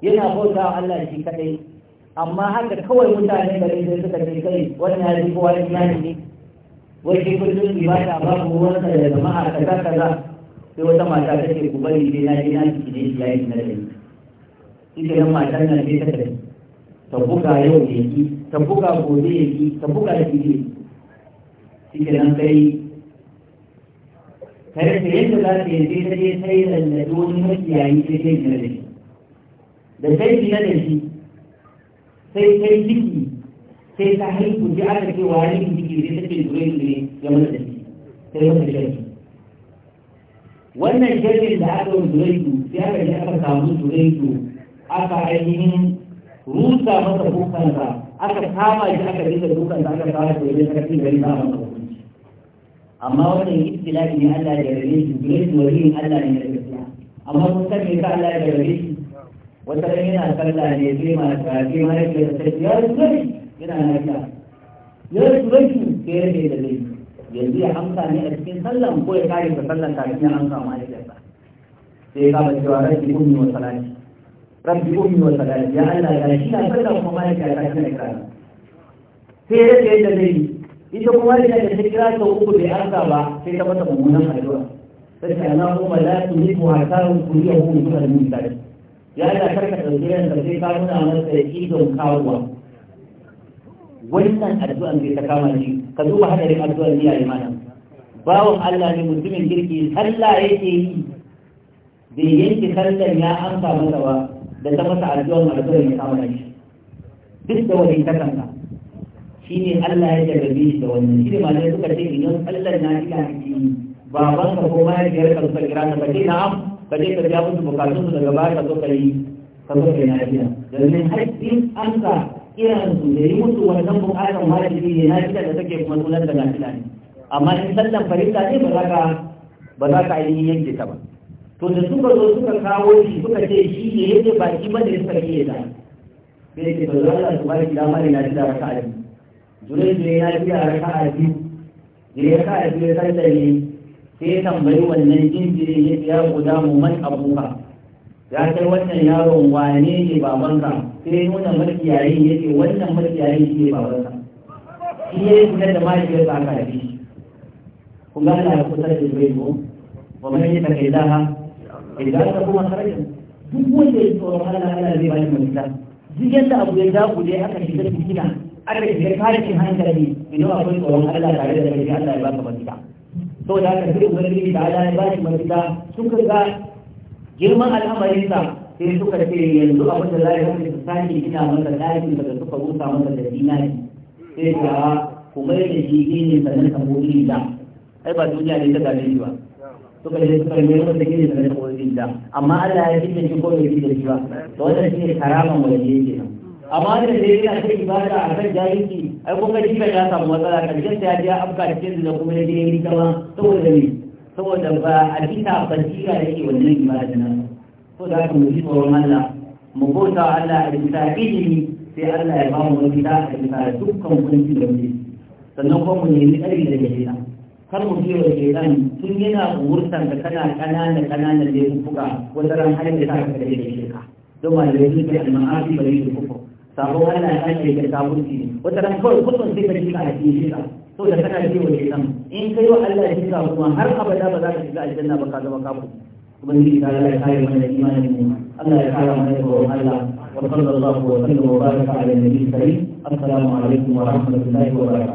yana bauta Allah shi kadai amma haka kawai mutane gari sai suka ce kai wannan ya kowa imani ne wai shi kullum ibada ba mu wanda da jama'a kaza kaza sai wata mata ta ce ku bari ne na je na ji ne ya yi na dai ita nan mata nan sai ta tafi ta buga yau ne ki ta buga gobe ne ki ta buga da ki ne ita nan kai kare ta yadda za ta yi sai ta je sai lallabi wani makiyayi sai ta yi na dai da sai ki na da shi sai ta yi ciki sai ta haihu ji aka ce wa ne ciki sai ta ce zuwa ne ya mana da sai mata da shi wannan jirgin da aka yi zuraitu sai aka yi aka samu zuraitu aka ainihin rusa masa dukansa aka kama shi aka rika dukansa aka kawo shi wajen sarki gari ba masa hukunci amma wannan istilafi ne Allah ya rabe shi zuraitu waliyin Allah ne ya gaskiya amma kun san me yasa Allah ya rabe shi wata ran yana sallah ne sai ma sai ma ya ce ya zuraitu yana lafiya ya zuraitu sai ya rage da laifi. yanzu ya amsa ne a cikin sallan ko ya kare ka sallan kafin cikin amsa ma ya sai ya kama cewa rabbi ummi wa salati rabbi ummi wa salati ya Allah ya shi na sallan kuma ya kare kafin ya kare sai ya ce yadda zai yi ita kuma ya da ta kira sau uku bai hamsa ba sai ta bata mummunan addu'a sai ta na kuma la tuliku kuma kuma da kulli misali ya Allah karka dauke ran da sai ka nuna masa idon kawuwa wannan addu'an bai ta kama shi ka duba hadarin addu'ar iyaye mana Bawon Allah ne mutumin kirki sallah yake yi bai yanki sallan ya amsa samu ba da ta masa addu'ar addu'ar ya samu shi duk da wani kanta. shi ne Allah ya jarrabe shi da wannan shi ne ma zai suka ce idan sallar na ila ake yi baban ka ko mahaifiyar ka suka kira ka ce na'am ka je ka ja musu bukatun su daga baya ka zo ka yi ka zo ka yi na ila domin har in an ka irin su da yi mutu wannan bukatan wajibi ne na fita da take kuma sunan da nafila ne amma in sallan farilla ne ba za ka ba za ka ainihin yanke ta ba to da suka zo suka kawo shi suka ce shi ne yake ba shi ba da suka yi da sai yake ba za ka ba shi dama ne na fita raka a biyu zurai zurai na fita raka a ya zurai raka a biyu ya sallame sai ya tambayi wannan jinjiri ya ya guda mu man abuka ya kai wannan yaron wane ne babanka sai nuna makiyayi ya ce wannan makiyayi shi ne sa shi ya yi kula da mahaifiyarsa aka haifi shi kun ga Allah ya kusa da bai ko wa man yata kai daha idan ka kuma sarkin duk wanda ya tsoron Allah Allah zai ba shi mafita duk yadda abu ya daku dai aka shiga fitina aka shiga tashin hankali idan akwai tsoron Allah tare da kai Allah ya ba ka mafita saboda haka duk wani da Allah ya ba shi mafita sun ga girman al'amarin sa. sai suka ce yanzu abin da zai hankali su sake gina masa ɗakin daga suka rusa masa da dinari sai ta kuma da shi gini da ka mori da ai ba duniya ne ta gane shi ba suka je suka yi masa gini da ka mori da amma Allah ya gina shi ko bai da shi ba da wannan shi ne karaman ne ke nan amma da dai yana ta ibada a kan jahilci ai kun ga shi ya samu matsala karshen ta ya je afka cikin da kuma ne ne ni kama saboda ne saboda ba a cikin bisa basira yake wannan ibada nan ko da haka mu ji tsoron Allah mu bauta wa Allah a bisa ilimi sai Allah ya ba mu mafita a bisa dukkan hukunci da muke sannan kuma mu nemi tsari daga shaitan kar mu biyo da shaitan tun yana umurtar da kana kanana kanana da ya laifuka wata ran har da ta ka da shirka don ba da yake da ma'asi ba da kuka sabon Allah ya ce da kafirci wata ran kawai kusan sai ka ji ka ji shirka to da kana cewa shaitan in kai wa Allah ya shirka kuma har abada ba za ka shiga aljanna ba ka zama kafirci ubangiji ta ya kare mana imanin mu Allah ya kare mana tsoron Allah wa sallallahu wa sallam wa baraka ala nabiyyi karim assalamu alaikum wa rahmatullahi wa barakatuh